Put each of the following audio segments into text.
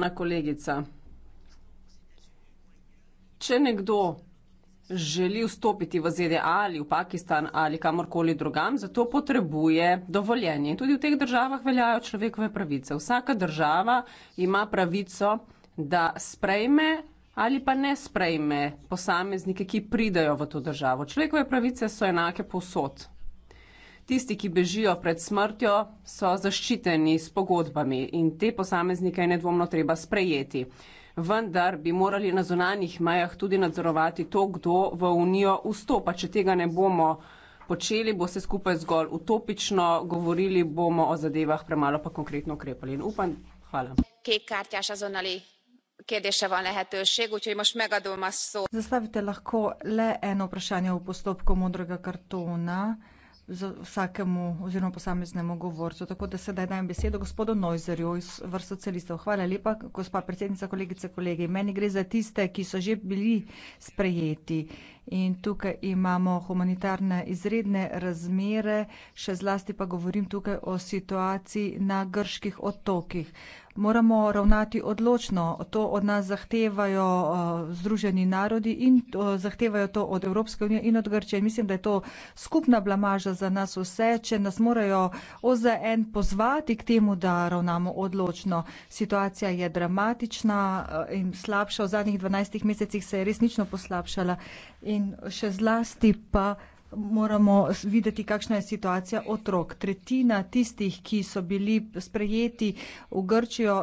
Spoštovana kolegica, če nekdo želi vstopiti v ZDA ali v Pakistan ali kamorkoli drugam, za to potrebuje dovoljenje. In tudi v teh državah veljajo človekove pravice. Vsaka država ima pravico, da sprejme ali pa ne sprejme posameznike, ki pridejo v to državo. Človekove pravice so enake povsod. Tisti, ki bežijo pred smrtjo, so zaščiteni s pogodbami in te posameznike je nedvomno treba sprejeti. Vendar bi morali na zonanjih majah tudi nadzorovati to, kdo v Unijo vstopa. Če tega ne bomo počeli, bo se skupaj zgolj utopično, govorili bomo o zadevah, premalo pa konkretno ukrepali. In upam, hvala. Zastavite lahko le eno vprašanje v postopku modrega kartona za vsakemu oziroma posameznemu govorcu. Tako da sedaj dajem besedo gospodu Nojzerju iz vrst socialistov. Hvala lepa, gospa predsednica, kolegice, kolegi. Meni gre za tiste, ki so že bili sprejeti. In tukaj imamo humanitarne izredne razmere, še zlasti pa govorim tukaj o situaciji na grških otokih. Moramo ravnati odločno. To od nas zahtevajo uh, Združeni narodi in uh, zahtevajo to od Evropske unije in od Grčije. Mislim, da je to skupna blamaža za nas vse, če nas morajo OZN pozvati k temu, da ravnamo odločno. Situacija je dramatična uh, in slabša. V zadnjih 12 mesecih se je resnično poslabšala in še zlasti pa moramo videti, kakšna je situacija otrok. Tretjina tistih, ki so bili sprejeti v Grčijo,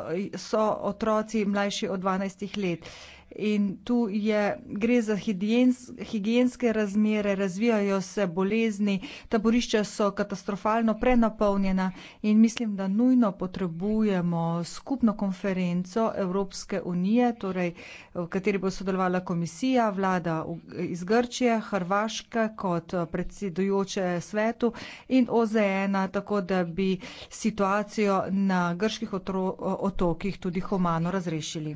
so otroci mlajši od 12 let. Uh, In tu je, gre za higiens, higienske razmere, razvijajo se bolezni, taborišča so katastrofalno prenapolnjena in mislim, da nujno potrebujemo skupno konferenco Evropske unije, torej v kateri bo sodelovala komisija, vlada iz Grčije, Hrvaške kot predsedujoče svetu in OZN-a, tako da bi situacijo na grških otro, otokih tudi humano razrešili.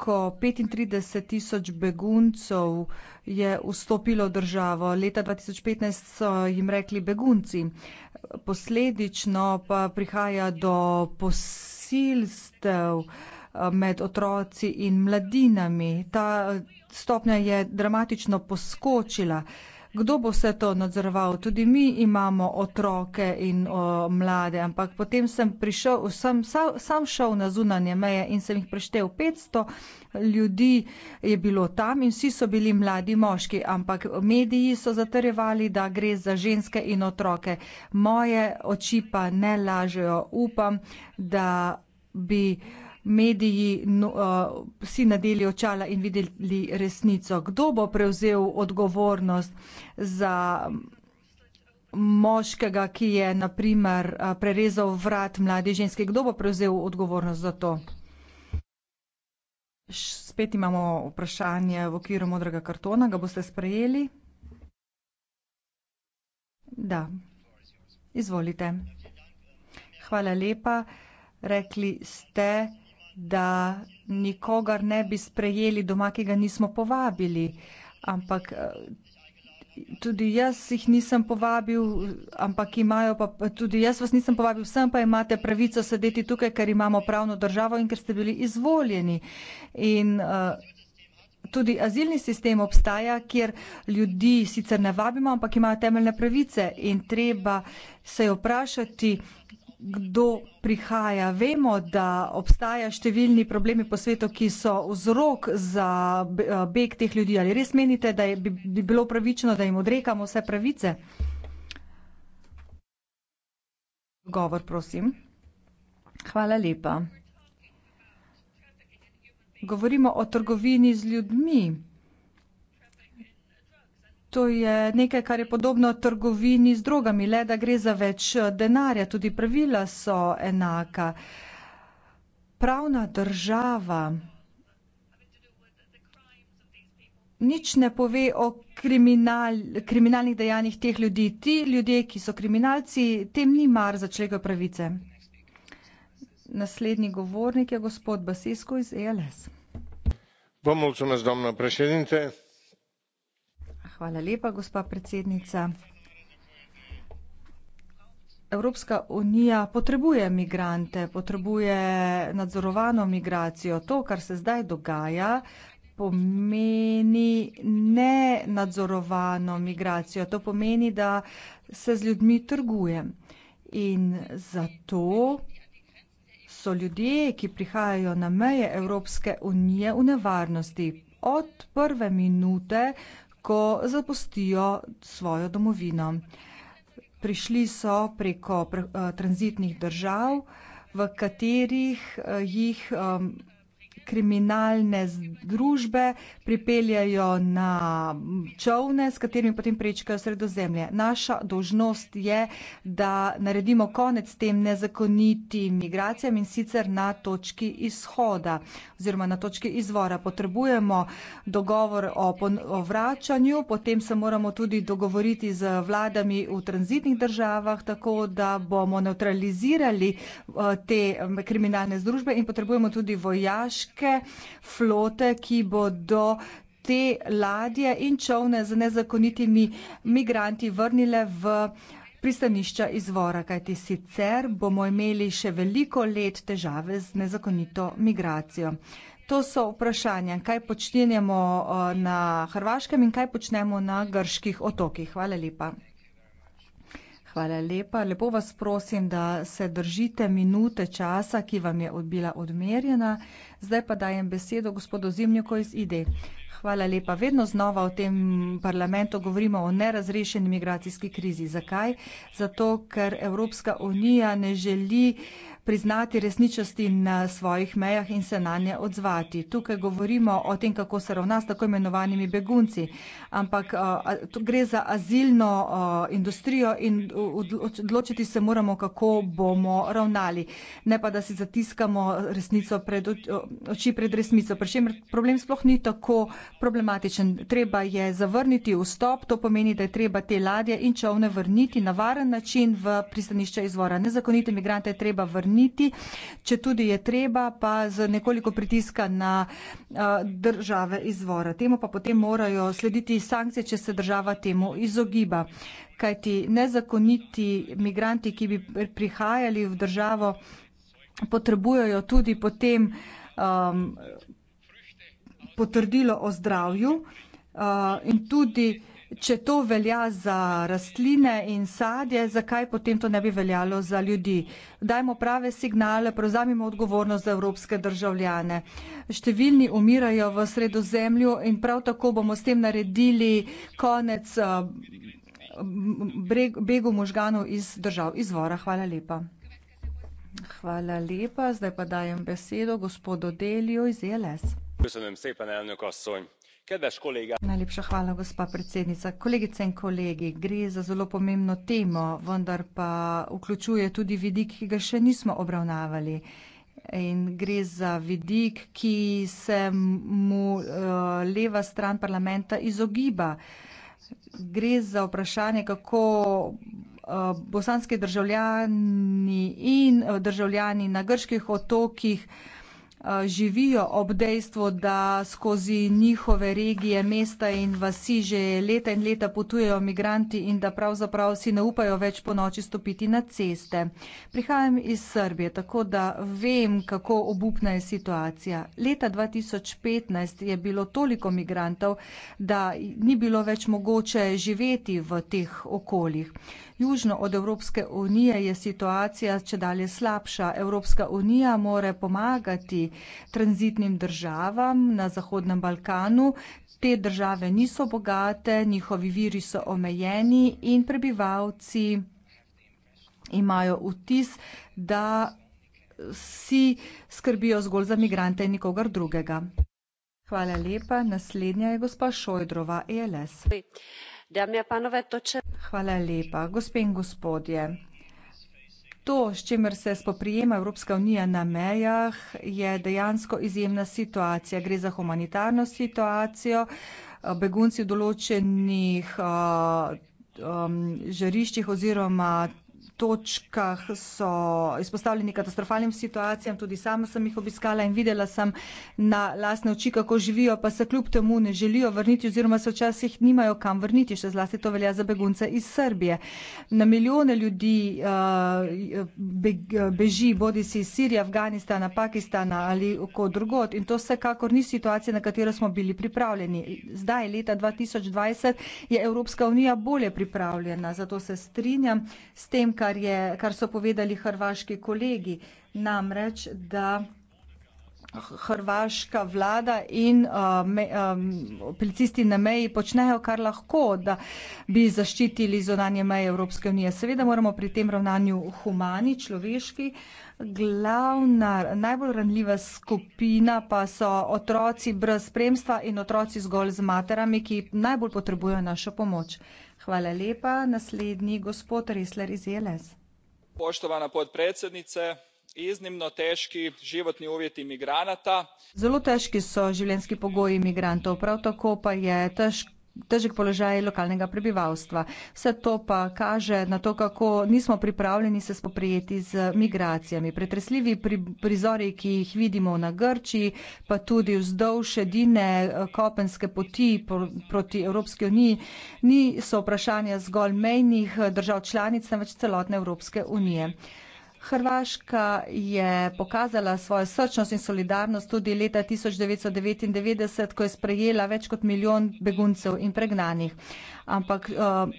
Preko 35 tisoč beguncev je vstopilo v državo. Leta 2015 so jim rekli begunci. Posledično pa prihaja do posilstev eh, med otroci in mladinami. Ta stopnja je dramatično poskočila kdo bo vse to nadzorval. Tudi mi imamo otroke in o, mlade, ampak potem sem prišel, sem sam, sam šel na zunanje meje in sem jih preštel. 500 ljudi je bilo tam in vsi so bili mladi moški, ampak mediji so zatrjevali, da gre za ženske in otroke. Moje oči pa ne lažejo. Upam, da bi uh, mediji no, uh, vsi nadeli očala in videli resnico. Kdo bo prevzel odgovornost za moškega, ki je naprimer uh, prerezal vrat mlade ženske? Kdo bo prevzel odgovornost za to? Spet imamo vprašanje v okviru modrega kartona. Ga boste sprejeli? Da. Izvolite. Hvala lepa. Rekli ste, da nikogar ne bi sprejeli doma, ki ga nismo povabili. Ampak eh, tudi jaz jih nisem povabil, ampak imajo pa tudi jaz vas nisem povabil, vsem pa imate pravico sedeti tukaj, ker imamo pravno državo in ker ste bili izvoljeni. In eh, tudi azilni sistem obstaja, kjer ljudi sicer ne vabimo, ampak imajo temeljne pravice in treba se je vprašati, kaj kdo prihaja. Vemo, da obstaja številni problemi po svetu, ki so vzrok za eh, beg teh ljudi. Ali res menite, da je, bi, bi bilo pravično, da jim odrekamo vse pravice? Govor, prosim. Hvala lepa. Govorimo o trgovini z ljudmi. To je nekaj, kar je podobno trgovini z drogami, le da gre za več denarja, tudi pravila so enaka. Pravna država nič ne pove o kriminal, kriminalnih dejanjih teh ljudi. Ti ljudje, ki so kriminalci, tem ni mar za človekove pravice. Naslednji govornik je gospod Basisko iz ELS. Vam ulcumes, domna presedinte. Hvala lepa, gospa predsednica. Evropska unija potrebuje migrante, potrebuje nadzorovano migracijo. To, kar se zdaj dogaja, pomeni nenadzorovano migracijo. To pomeni, da se z ljudmi trguje. In zato so ljudje, ki prihajajo na meje Evropske unije, v nevarnosti. Od prve minute, ko zapustijo svojo domovino. Prišli so preko eh, tranzitnih držav, v katerih eh, jih eh, kriminalne združbe pripeljajo na čovne, s katerimi potem prečkajo sredozemlje. Naša dožnost je, da naredimo konec tem nezakonitim migracijam in sicer na točki izhoda oziroma na točki izvora. Potrebujemo dogovor o, pon, o vračanju, potem se moramo tudi dogovoriti z vladami v tranzitnih državah, tako da bomo neutralizirali eh, te mm, kriminalne združbe in potrebujemo tudi vojaške ruske flote, ki bodo te ladje in čovne z nezakonitimi migranti vrnile v pristanišča izvora, kajti sicer bomo imeli še veliko let težave z nezakonito migracijo. To so vprašanja, kaj počnemo na Hrvaškem in kaj počnemo na grških otokih. Hvala lepa. Hvala lepa. Lepo vas prosim, da se držite minute časa, ki vam je bila odmerjena. Zdaj pa dajem besedo gospodu Zimniku iz IDE. Hvala lepa. Vedno znova v tem parlamentu govorimo o nerazrešeni migracijski krizi. Zakaj? Zato, ker Evropska unija ne želi uh, priznati resničnosti na svojih mejah in se na nje odzvati. Tukaj govorimo o tem, kako se ravna s tako imenovanimi begunci, ampak gre za azilno industrijo in odločiti se moramo, kako bomo ravnali, ne pa da si zatiskamo pred, oči pred resnico. Pričem, problem sploh ni tako problematičen. Treba je zavrniti vstop, to pomeni, da je treba te ladje in čovne vrniti na varen način v pristanišče izvora. Nezakonite migrante je treba vrniti vrniti, če tudi je treba, pa z nekoliko pritiska na eh, države izvora. Temu pa potem morajo slediti sankcije, če se država temu izogiba. Kajti nezakoniti migranti, ki bi prihajali v državo, potrebujejo tudi potem um, potrdilo o zdravju uh, in tudi če to velja za rastline in sadje, zakaj potem to ne bi veljalo za ljudi? Dajmo prave signale, prevzamimo odgovornost za evropske državljane. Številni umirajo v sredozemlju in prav tako bomo s tem naredili konec eh, begu možganov iz držav izvora. Hvala lepa. Hvala lepa. Zdaj pa dajem besedo gospodu Deliju iz ELS. Köszönöm szépen, elnök asszony! Najlepša hvala, gospa predsednica. Kolegice in kolegi, gre za zelo pomembno temo, vendar pa vključuje tudi vidik, ki ga še nismo obravnavali. In gre za vidik, ki se mu uh, leva stran parlamenta izogiba. Gre za vprašanje, kako uh, bosanski državljani in uh, državljani na grških otokih uh, Eh, živijo ob dejstvu, da skozi njihove regije, mesta in vasi že leta in leta potujejo migranti in da pravzaprav si ne upajo več po noči stopiti na ceste. Prihajam iz Srbije, tako da vem, kako obupna je situacija. Leta 2015 je bilo toliko migrantov, da ni bilo več mogoče živeti v teh okoljih. Južno od Evropske unije je situacija če dalje slabša. Evropska unija mora pomagati tranzitnim državam na Zahodnem Balkanu. Te države niso bogate, njihovi viri so omejeni in prebivalci imajo vtis, da si skrbijo zgolj za migrante in nikogar drugega. Hvala lepa. Naslednja je gospa Šojdrova, ELS. Hvala. Hvala lepa. Gospe in gospodje, to, s čimer se spoprijema Evropska unija na mejah, je dejansko izjemna situacija. Gre za humanitarno situacijo, eh, begunci v določenih, eh, um, žariščih oziroma točkah so izpostavljeni katastrofalnim situacijam, tudi sama sem jih obiskala in videla sem na lastne oči, kako živijo, pa se kljub temu ne želijo vrniti oziroma se včasih nimajo kam vrniti, še zlasti to velja za begunce iz Srbije. Na milijone ljudi eh, beži, bodi si iz Sirije, Afganistana, Pakistana ali oko drugot in to vsekakor ni situacija, na katero smo bili pripravljeni. Zdaj, leta 2020, je Evropska unija bolje pripravljena, zato se strinjam s tem, kaj kar je, kar so povedali hrvaški kolegi, namreč da hrvaška vlada in, uh, um, policisti na meji počnejo, kar lahko, da bi zaščitili zunanje meje Evropske unije. Seveda moramo pri tem ravnanju humani, človeški, glavna, najbolj ranljiva skupina pa so otroci brez spremstva in otroci zgolj z materami, ki najbolj potrebujejo našo pomoč. Hvala lepa. Naslednji gospod Resler iz Eles. Poštovana podpredsednice, iznimno težki životni uvjeti migranata. Zelo težki so življenjski pogoji migrantov, prav tako pa je težko težek položaj lokalnega prebivalstva. Vse to pa kaže na to, kako nismo pripravljeni se spoprijeti z migracijami. Pretresljivi pri, prizori, ki jih vidimo na Grčiji, pa tudi vzdolž edine eh, kopenske poti pro, proti Evropski uniji, niso vprašanja zgolj mejnih eh, držav članic, temveč celotne Evropske unije. Hrvaška je pokazala svojo srčnost in solidarnost tudi leta 1999, ko je sprejela več kot milijon beguncev in pregnanih. Ampak eh,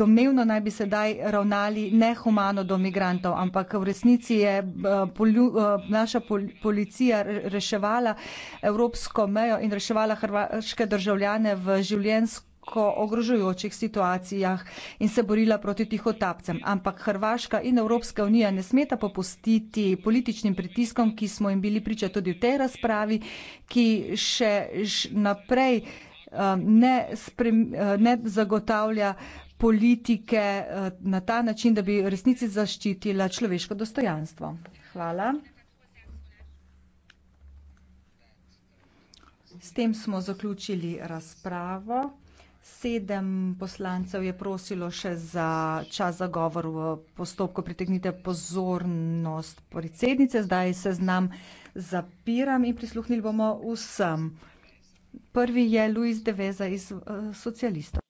domnevno naj bi sedaj ravnali nehumano do migrantov, ampak v resnici je eh, polju, eh, naša policija reševala evropsko mejo in reševala hrvaške državljane v življenjsko preko ogrožujočih situacijah in se borila proti tihotapcem. Ampak Hrvaška in Evropska unija ne smeta popustiti političnim pritiskom, ki smo jim bili priča tudi v tej razpravi, ki še naprej eh, ne, sprem, eh, ne zagotavlja politike eh, na ta način, da bi resnici zaščitila človeško dostojanstvo. Hvala. S tem smo zaključili razpravo. Sedem poslancev je prosilo še za čas za govor v postopku. Pritegnite pozornost predsednice. Zdaj se znam zapiram in prisluhnili bomo vsem. Prvi je Luis Deveza iz uh, eh, socialistov.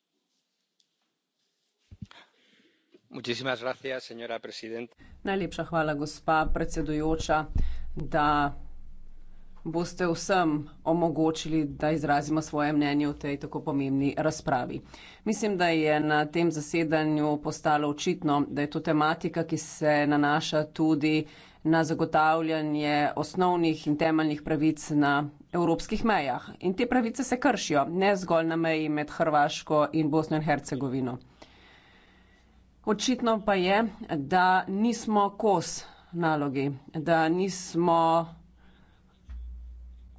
Najlepša hvala, gospa predsedujoča, da boste vsem omogočili, da izrazimo svoje mnenje v tej tako pomembni razpravi. Mislim, da je na tem zasedanju postalo očitno, da je to tematika, ki se nanaša tudi na zagotavljanje osnovnih in temeljnih pravic na evropskih mejah. In te pravice se kršijo, ne zgolj na meji med Hrvaško in Bosno in Hercegovino. Očitno pa je, da nismo kos nalogi, da nismo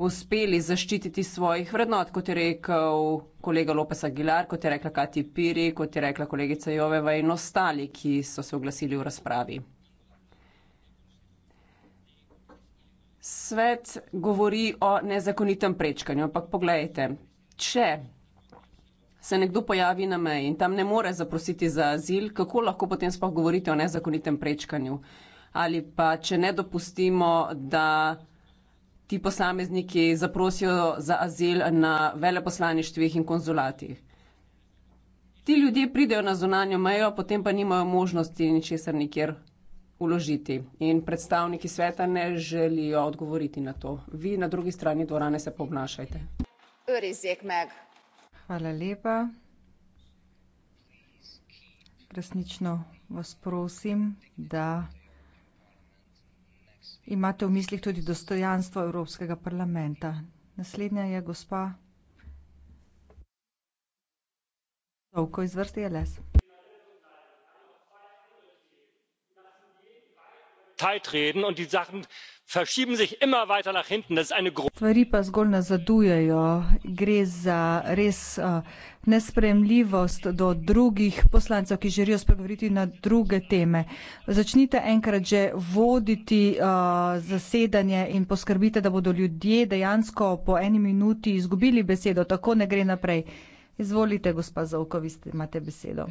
uspeli zaščititi svojih vrednot, kot je rekel kolega Lopes Aguilar, kot je rekla Kati Piri, kot je rekla kolegica Joveva in ostali, ki so se oglasili v razpravi. Svet govori o nezakonitem prečkanju, ampak poglejte, če se nekdo pojavi na meji in tam ne more zaprositi za azil, kako lahko potem sploh govorite o nezakonitem prečkanju? Ali pa, če ne dopustimo, da ti posamezniki zaprosijo za azil na veleposlaništvih in konzulatih. Ti ljudje pridejo na zonanjo mejo, potem pa nimajo možnosti ničesar nikjer uložiti. In predstavniki sveta ne želijo odgovoriti na to. Vi na drugi strani dvorane se povnašajte. Hvala lepa. Resnično vas prosim, da Imate v mislih tudi dostojanstvo Evropskega parlamenta. Naslednja je gospa Dovko iz vrste LS stvari pa zgolj nazadujejo. Gre za res eh, nesprejemljivost do drugih poslancev, ki želijo spregovoriti na druge teme. Začnite enkrat že voditi eh, zasedanje in poskrbite, da bodo ljudje dejansko po eni minuti izgubili besedo, tako ne gre naprej. Izvolite, gospa Zovkovi, imate besedo.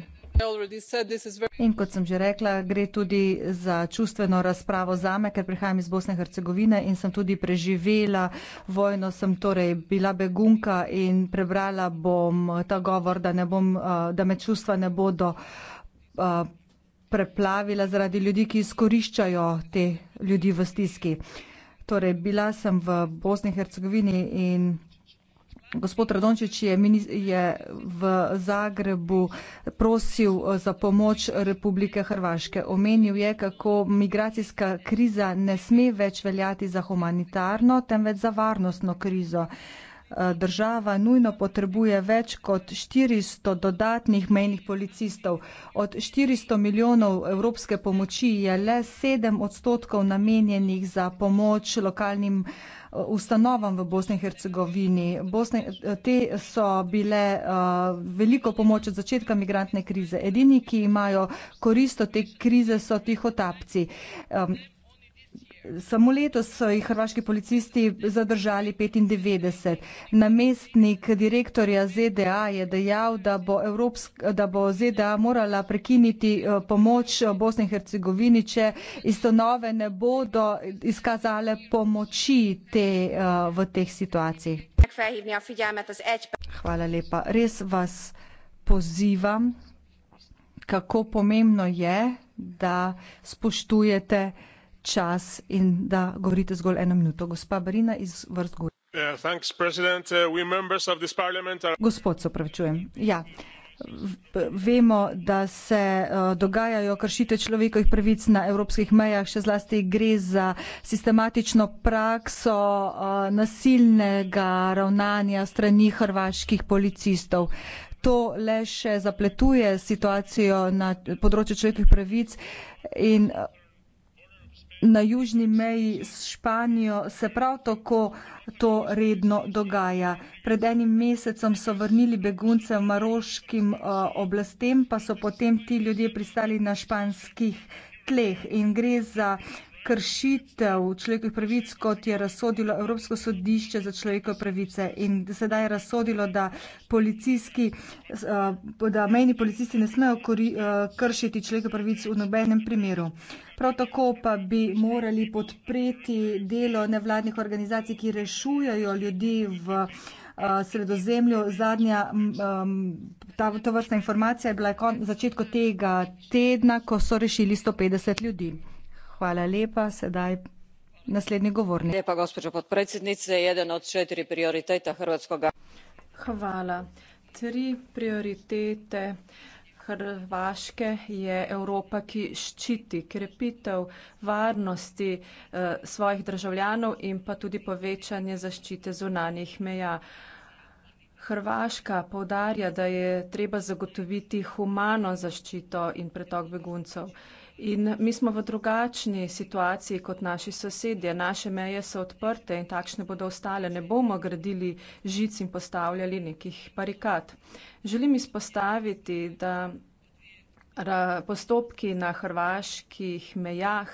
In kot sem že rekla, gre tudi za čustveno razpravo zame, ker prihajam iz Bosne in Hercegovine in sem tudi preživela vojno, sem torej bila begunka in prebrala bom eh, ta govor, da, bom, eh, da me čustva ne bodo eh, preplavila zaradi ljudi, ki izkoriščajo te ljudi v stiski. Torej, bila sem v Bosni in Hercegovini in Gospod Radončič je, je v Zagrebu prosil eh, za pomoč Republike Hrvaške. Omenil je, kako migracijska kriza ne sme več veljati za humanitarno, temveč za varnostno krizo. Eh, država nujno potrebuje več kot 400 dodatnih mejnih policistov. Od 400 milijonov evropske pomoči je le 7 odstotkov namenjenih za pomoč lokalnim ustanovam v Bosni in Hercegovini. Bosne, te so bile uh, veliko pomoč od začetka migrantne krize. Edini, ki imajo korist od te krize, so tihotapci. Um, Samo letos so jih hrvaški policisti zadržali 95. Namestnik direktorja ZDA je dejal, da bo, Evropsk, da bo ZDA morala prekiniti eh, pomoč eh, Bosni in Hercegovini, če istonove ne bodo izkazale pomoči te, eh, v teh situacijah. Hvala lepa. Res vas pozivam, kako pomembno je, da spoštujete čas in da govorite zgolj eno minuto. Gospa Barina iz vrst Gori. E. Uh, uh, Gospod, se opravičujem. Ja, vemo, da se uh, dogajajo kršite človekovih pravic na evropskih mejah, še zlasti gre za sistematično prakso nasilnega ravnanja strani hrvaških policistov. To le še zapletuje situacijo na področju človekovih pravic in na južni meji s Španijo se prav tako to redno dogaja. Pred enim mesecem so vrnili begunce v maroškim uh, oblastem, pa so potem ti ljudje pristali na španskih tleh in gre za kršitev človekovih pravic, kot je razsodilo Evropsko sodišče za človekove pravice in sedaj je razsodilo, da policijski, eh, da mejni policisti ne smejo eh, kršiti človekovih pravic v nobenem primeru. Prav tako pa bi morali podpreti delo nevladnih organizacij, ki rešujajo ljudi v eh, sredozemlju. Zadnja ta, to vrsta informacija je bila v začetku tega tedna, ko so rešili 150 ljudi. Hvala lepa. Sedaj naslednji govornik. Lepa, gospođo podpredsednice. Jedan od četiri prioriteta hrvatskoga... Hvala. Tri prioritete Hrvaške je Evropa, ki ščiti krepitev varnosti eh, svojih državljanov in pa tudi povečanje zaščite zunanjih meja. Hrvaška poudarja, da je treba zagotoviti humano zaščito in pretok beguncev. Eh, In mi smo v drugačni situaciji kot naši sosedje. Naše meje so odprte in takšne bodo ostale. Ne bomo gradili žic in postavljali nekih parikat. Želim izpostaviti, da Postopki na hrvaških mejah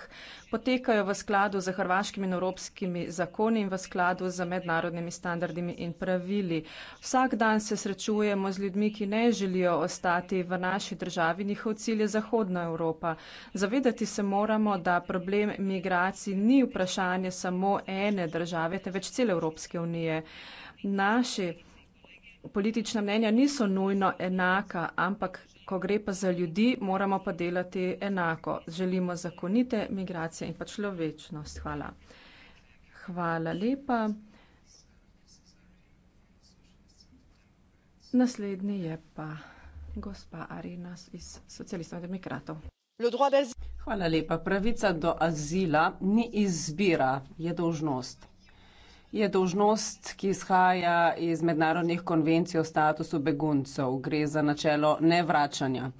potekajo v skladu z hrvaškimi in evropskimi zakoni in v skladu z mednarodnimi standardimi in pravili. Vsak dan se srečujemo z ljudmi, ki ne želijo ostati v naši državi, njihov cilj je Zahodna Evropa. Zavedati se moramo, da problem migracij ni vprašanje samo ene države, te več cele Evropske unije. Naši Politična mnenja niso nujno enaka, ampak ko gre pa za ljudi, moramo pa delati enako. Želimo zakonite migracije in pa človečnost. Hvala. Hvala lepa. Naslednji je pa gospa Arinas iz socialistov demokratov. Hvala lepa. Pravica do azila ni izbira, je dožnost je dožnost, ki izhaja iz mednarodnih konvencij o statusu beguncev. Gre za načelo nevračanja.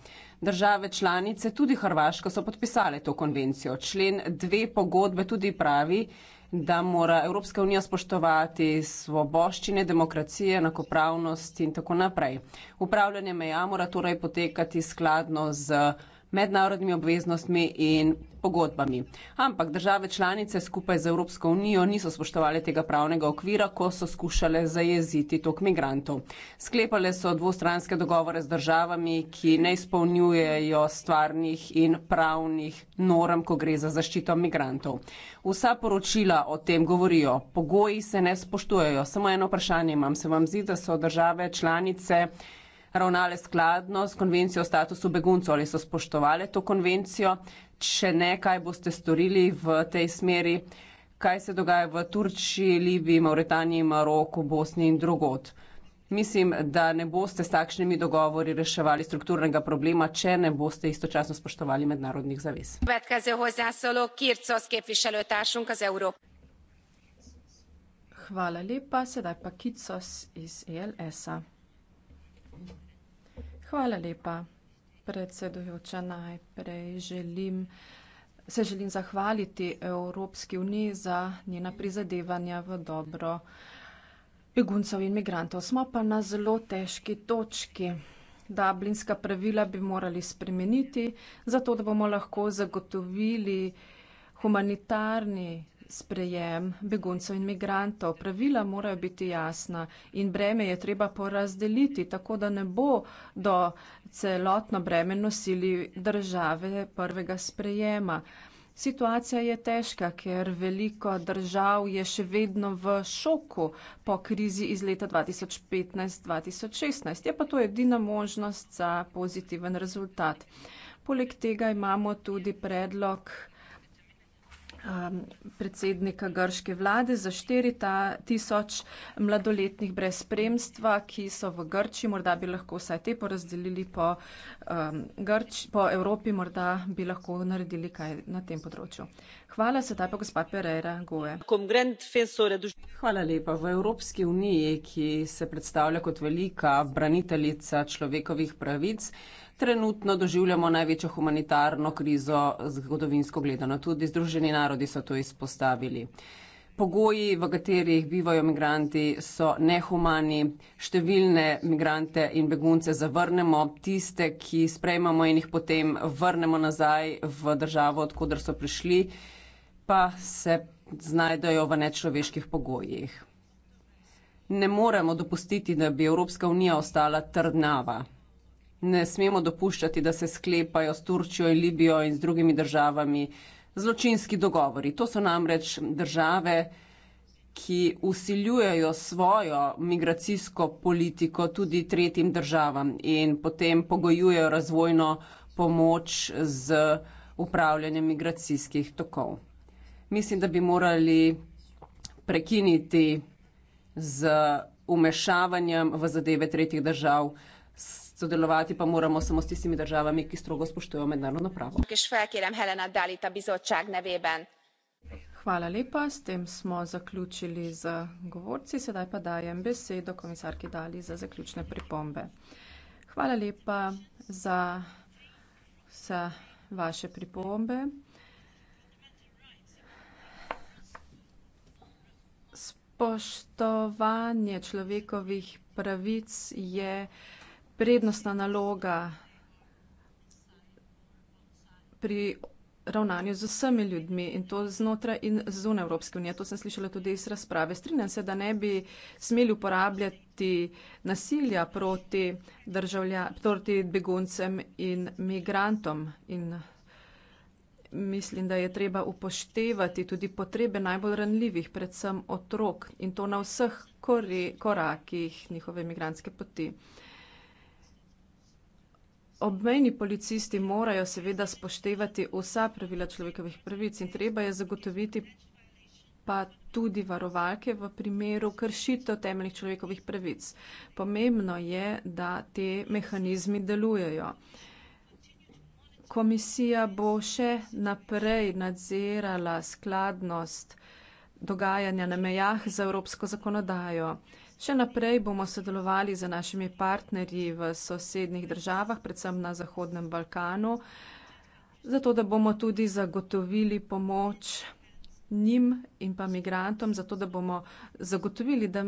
Države članice, tudi Hrvaška, so podpisale to konvencijo. Člen dve pogodbe tudi pravi, da mora Evropska unija spoštovati svoboščine, demokracije, enakopravnost in tako naprej. Upravljanje meja mora torej potekati skladno z mednarodnimi obveznostmi in pogodbami. Ampak države članice skupaj z Evropsko unijo niso spoštovali tega pravnega okvira, ko so skušale zajeziti tok migrantov. Sklepale so dvostranske dogovore z državami, ki ne izpolnjujejo stvarnih in pravnih norem, ko gre za zaščito migrantov. Vsa poročila o tem govorijo, pogoji se ne spoštujejo. Samo eno vprašanje imam, se vam zdi, da so države članice ravnale skladno s konvencijo o statusu beguncev ali so spoštovale to konvencijo, če ne, kaj boste storili v tej smeri, kaj se dogaja v Turčiji, Libiji, Mauretaniji, Maroku, Bosni in drugod. Mislim, da ne boste s takšnimi dogovori reševali strukturnega problema, če ne boste istočasno spoštovali mednarodnih zavez. Hvala lepa, sedaj pa Kicos iz ELS-a. Hvala lepa, predsedujoča. Najprej želim, se želim zahvaliti Evropski uniji za njena prizadevanja v dobro beguncev in migrantov. Smo pa na zelo težki točki. Dublinska pravila bi morali spremeniti, zato da bomo lahko zagotovili humanitarni sprejem beguncev in migrantov. Pravila morajo biti jasna in breme je treba porazdeliti, tako da ne bo do celotno breme nosili države prvega sprejema. Situacija je težka, ker veliko držav je še vedno v šoku po krizi iz leta 2015-2016. Je pa to edina možnost za pozitiven rezultat. Poleg tega imamo tudi predlog um, predsednika grške vlade za 4000 mladoletnih brez spremstva, ki so v Grči. Morda bi lahko vsaj te porazdelili po, um, Grč, po Evropi, morda bi lahko naredili kaj na tem področju. Hvala, sedaj pa gospa Pereira Goe. Hvala lepa. V Evropski uniji, ki se predstavlja kot velika braniteljica človekovih pravic, trenutno doživljamo največjo humanitarno krizo, zgodovinsko gledano. Tudi Združeni narodi so to izpostavili. Pogoji, v katerih bivajo migranti, so nehumani. Številne migrante in begunce zavrnemo, tiste, ki sprejmemo in jih potem vrnemo nazaj v državo, odkudr so prišli, pa se znajdejo v nečloveških pogojih. Ne moremo dopustiti, da bi Evropska unija ostala trdnava. Ne smemo dopuščati, da se sklepajo s Turčijo in Libijo in z drugimi državami zločinski dogovori. To so namreč države, ki usiljujejo svojo migracijsko politiko tudi tretjim državam in potem pogojujejo razvojno pomoč z upravljanjem migracijskih tokov. Mislim, da bi morali prekiniti z umešavanjem v zadeve tretjih držav sodelovati pa moramo samo s tistimi državami ki strogo spoštujejo mednarodno pravo. Hvala lepa, s tem smo zaključili z govorci, sedaj pa dajem besedo komisarki Dali za zaključne pripombe. Hvala lepa za vse vaše pripombe. Spoštovanje človekovih pravic je prednostna naloga pri ravnanju z vsemi ljudmi in to znotraj in zunaj Evropske unije. To sem slišala tudi iz razprave. Strinjam se, da ne bi smeli uporabljati nasilja proti, državlja, proti beguncem in migrantom in mislim, da je treba upoštevati tudi potrebe najbolj ranljivih, predvsem otrok in to na vseh kori, korakih njihove migrantske poti. Uh, Obmejni policisti morajo seveda spoštevati vsa pravila človekovih pravic in treba je zagotoviti pa tudi varovalke v primeru kršitev temeljnih človekovih pravic. Pomembno je, da te mehanizmi delujejo. Komisija bo še naprej nadzirala skladnost dogajanja na mejah z evropsko zakonodajo. Še naprej bomo sodelovali z našimi partnerji v sosednjih državah, predvsem na Zahodnem Balkanu, zato da bomo tudi zagotovili pomoč njim in pa migrantom, zato da bomo zagotovili, da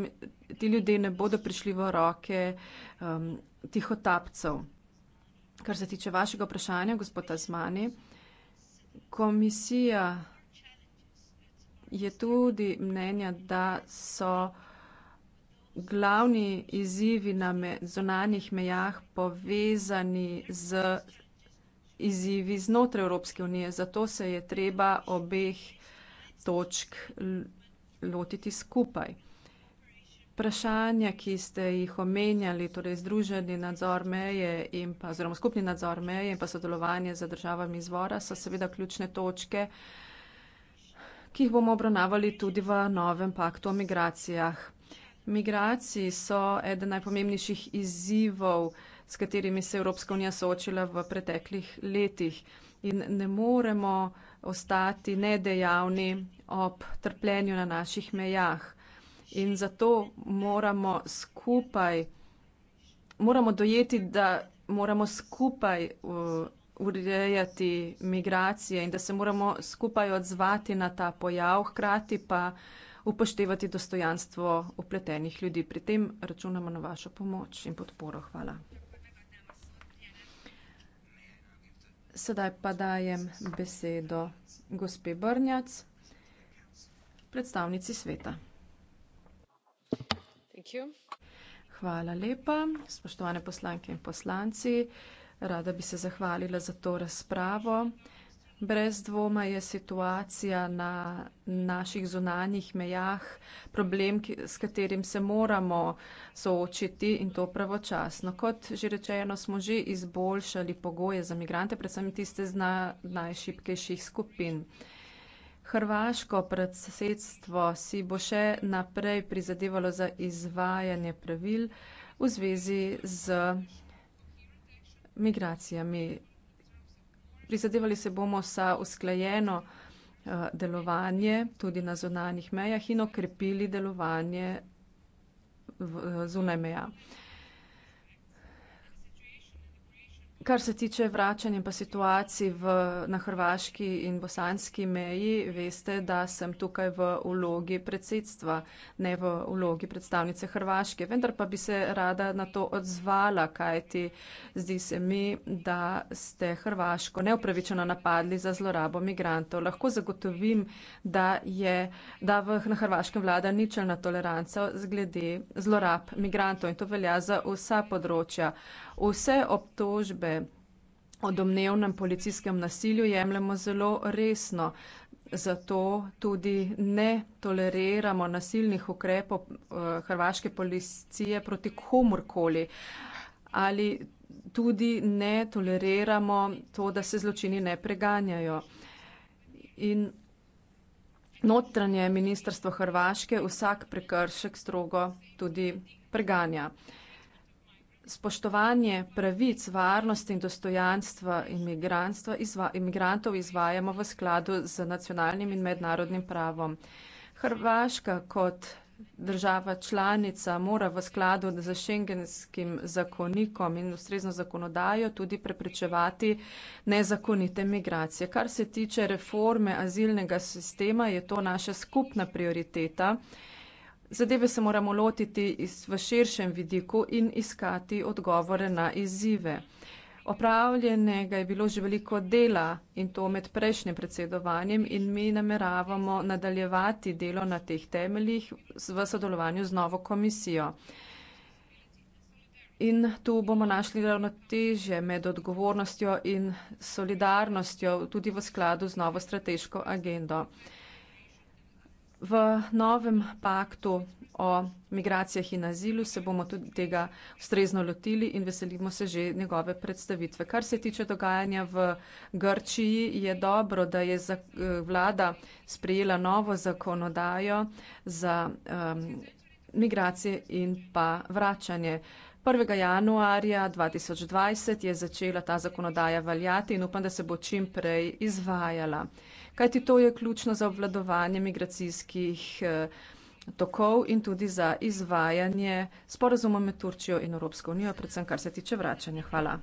ti ljudje ne bodo prišli v roke um, tihotapcev. Kar se tiče vašega vprašanja, gospod Azmani, komisija je tudi mnenja, da so glavni izzivi na me, zonanjih mejah povezani z izzivi znotraj Evropske unije. Zato se je treba obeh točk lotiti skupaj. Vprašanja, ki ste jih omenjali, torej združeni nadzor meje in pa, oziroma skupni nadzor meje in pa sodelovanje z državami izvora, so seveda ključne točke, ki jih bomo obravnavali tudi v novem paktu o migracijah. Migraciji so eden najpomembnejših izzivov, s katerimi se je Evropska unija soočila v preteklih letih. In ne moremo ostati nedejavni ob trpljenju na naših mejah. In zato moramo skupaj, moramo dojeti, da moramo skupaj uh, urejati migracije in da se moramo skupaj odzvati na ta pojav, hkrati pa upoštevati dostojanstvo upletenih ljudi. Pri tem računamo na vašo pomoč in podporo. Hvala. Sedaj pa dajem besedo gospe Brnjac, predstavnici sveta. Hvala lepa. Spoštovane poslanke in poslanci, rada bi se zahvalila za to razpravo. Brez dvoma je situacija na naših zunanjih mejah problem, ki, s katerim se moramo soočiti in to pravočasno. Kot že rečeno, smo že izboljšali pogoje za migrante, predvsem tiste z na, najšipkejših skupin. Hrvaško predsedstvo si bo še naprej prizadevalo za izvajanje pravil v zvezi z migracijami Prizadevali se bomo za usklajeno eh, delovanje tudi na zunanjih mejah in okrepili delovanje eh, zunaj meja. kar se tiče vračanja in pa situacij v, na hrvaški in bosanski meji, veste, da sem tukaj v vlogi predsedstva, ne v vlogi predstavnice Hrvaške. Vendar pa bi se rada na to odzvala, kajti zdi se mi, da ste Hrvaško neupravičeno napadli za zlorabo migrantov. Lahko zagotovim, da, je, da v, na Hrvaškem vlada ničelna toleranca glede zlorab migrantov in to velja za vsa področja vse obtožbe o domnevnem policijskem nasilju jemljemo zelo resno. Zato tudi ne toleriramo nasilnih ukrepov eh, hrvaške policije proti komorkoli. Ali tudi ne toleriramo to, da se zločini ne preganjajo. In notranje ministrstvo Hrvaške vsak prekršek strogo tudi preganja spoštovanje pravic, varnosti in dostojanstva izva, imigrantov izvajamo v skladu z nacionalnim in mednarodnim pravom. Hrvaška kot država članica mora v skladu z šengenskim zakonikom in ustrezno zakonodajo tudi preprečevati nezakonite migracije. Kar se tiče reforme azilnega sistema, je to naša skupna prioriteta zadeve se moramo lotiti iz, v širšem vidiku in iskati odgovore na izzive. Opravljenega je bilo že veliko dela in to med prejšnjim predsedovanjem in mi nameravamo nadaljevati delo na teh temeljih v sodelovanju z novo komisijo. In tu bomo našli ravnotežje med odgovornostjo in solidarnostjo tudi v skladu z novo strateško agendo. V novem paktu o migracijah in azilu se bomo tudi tega ustrezno lotili in veselimo se že njegove predstavitve. Kar se tiče dogajanja v Grčiji, je dobro, da je eh, vlada sprejela novo zakonodajo za um, migracije in pa vračanje. 1. januarja 2020 je začela ta zakonodaja veljati in upam, da se bo čim prej izvajala kajti to je ključno za obvladovanje migracijskih eh, tokov in tudi za izvajanje sporazuma med Turčijo in Evropsko unijo, predvsem kar se tiče vračanja. Hvala.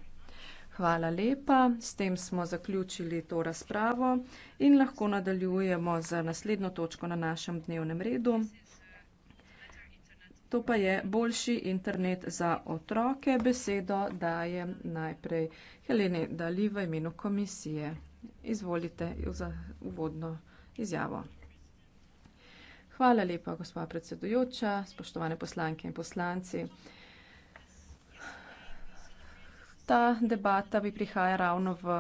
Hvala lepa. S tem smo zaključili to razpravo in lahko nadaljujemo z naslednjo točko na našem dnevnem redu. To pa je boljši internet za otroke. Besedo dajem najprej Heleni Dali v imenu komisije. Izvolite za uvodno izjavo. Hvala lepa, gospa predsedujoča, spoštovane poslanke in poslanci. Ta debata bi prihaja ravno v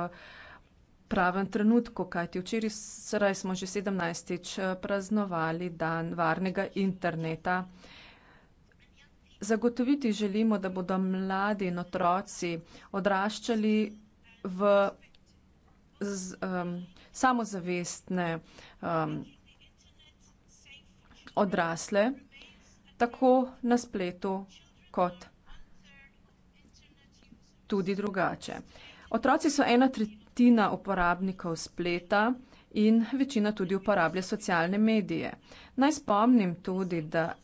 pravem trenutku, kajti včeraj sraj smo že sedemnajstič eh, praznovali dan varnega interneta. Zagotoviti želimo, da bodo mladi in otroci odraščali v z, um, samozavestne um, odrasle, tako na spletu kot tudi drugače. Otroci so ena tretjina uporabnikov spleta in večina tudi uporablja socialne medije. Naj spomnim tudi, da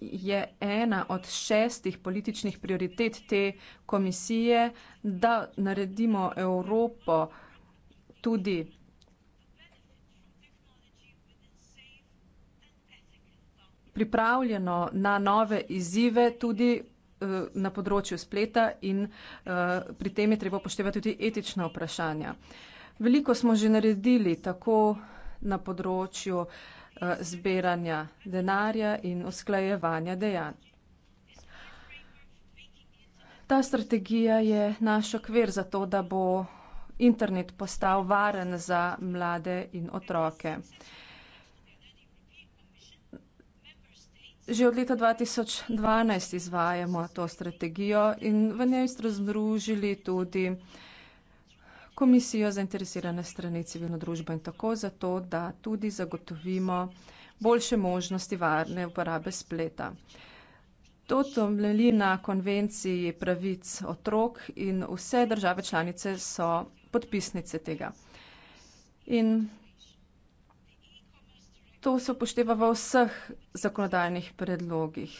je ena od šestih političnih prioritet te komisije, da naredimo Evropo uh, tudi pripravljeno na nove izzive, tudi eh, na področju spleta in eh, pri tem je treba upoštevati tudi etična vprašanja. Veliko smo že naredili tako na področju eh, zbiranja denarja in usklajevanja dejanj. Ta strategija je naš okvir za to, da bo internet postal varen za mlade in otroke. Že od leta 2012 izvajamo to strategijo in v njej smo združili tudi komisijo zainteresirane strani civilno družbo in tako zato, da tudi zagotovimo boljše možnosti varne uporabe spleta. To temelji na konvenciji pravic otrok in vse države članice so podpisnice tega. In to se upošteva v vseh zakonodajnih predlogih.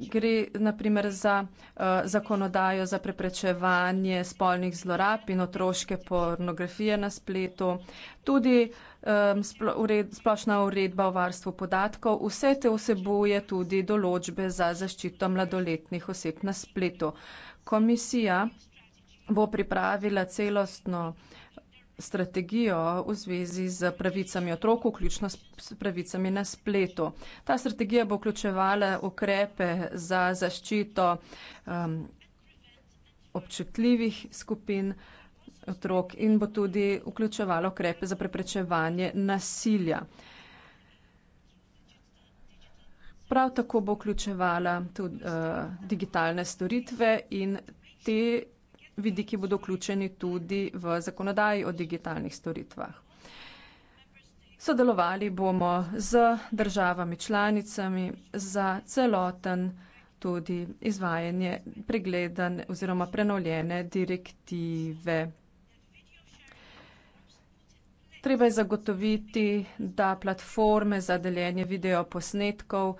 Gre naprimer za uh, zakonodajo za preprečevanje spolnih zlorab in otroške pornografije na spletu, tudi um, splo ured splošna uredba o varstvu podatkov. Vse te vseboje tudi določbe za zaščito mladoletnih oseb na spletu. Uh, komisija bo pripravila celostno strategijo v zvezi z pravicami otrok, vključno s pravicami na spletu. Ta strategija bo vključevala ukrepe za zaščito um, občutljivih skupin otrok in bo tudi vključevala ukrepe za preprečevanje nasilja. Uh, Prav tako bo vključevala tudi uh, digitalne storitve in te vidiki bodo vključeni tudi v zakonodaji o digitalnih storitvah. Sodelovali bomo z državami članicami za celoten tudi izvajanje pregledan oziroma prenovljene direktive. Treba je zagotoviti, da platforme za deljenje videoposnetkov uh,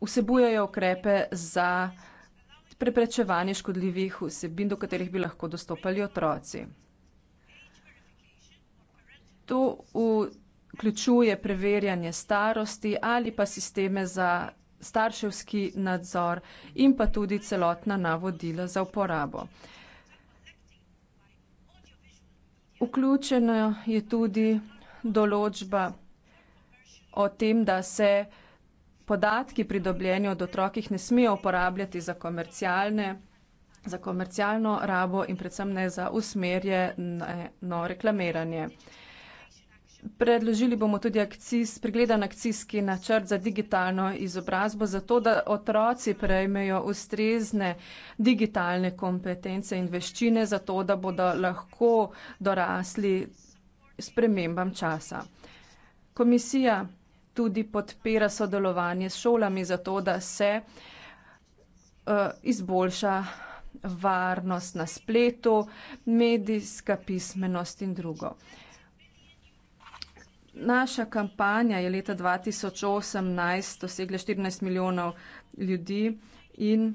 vsebujejo ukrepe za preprečevanje škodljivih vsebin, do katerih bi lahko dostopali otroci. To vključuje preverjanje starosti ali pa sisteme za starševski nadzor in pa tudi celotna navodila za uporabo. Vključena je tudi določba o tem, da se podatki pridobljeni od otrokih ne smejo uporabljati za komercialne za komercialno rabo in predvsem ne za usmerjeno reklamiranje. Predložili bomo tudi akcijs, pregledan akcijski načrt za digitalno izobrazbo, zato da otroci prejmejo ustrezne digitalne kompetence in veščine, zato da bodo lahko dorasli spremembam časa. Komisija tudi podpira sodelovanje s šolami za to, da se uh, izboljša varnost na spletu, medijska pismenost in drugo. Naša kampanja je leta 2018 dosegla 14 milijonov ljudi in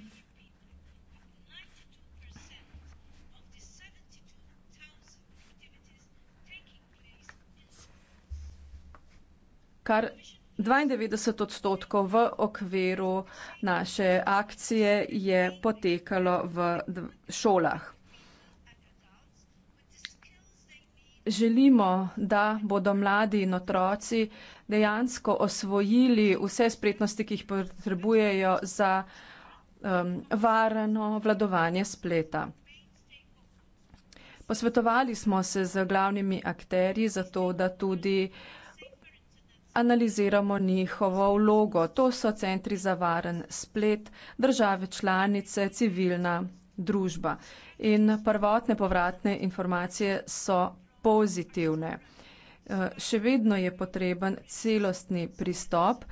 kar 92 odstotkov v okviru naše akcije je potekalo v šolah. Želimo, da bodo mladi in otroci dejansko osvojili vse spretnosti, ki jih potrebujejo za um, varno vladovanje spleta. Posvetovali smo se z glavnimi akterji, zato da tudi uh, analiziramo njihovo vlogo. To so centri za varen splet, države članice, civilna družba. In prvotne povratne informacije so pozitivne. Eh, še vedno je potreben celostni pristop,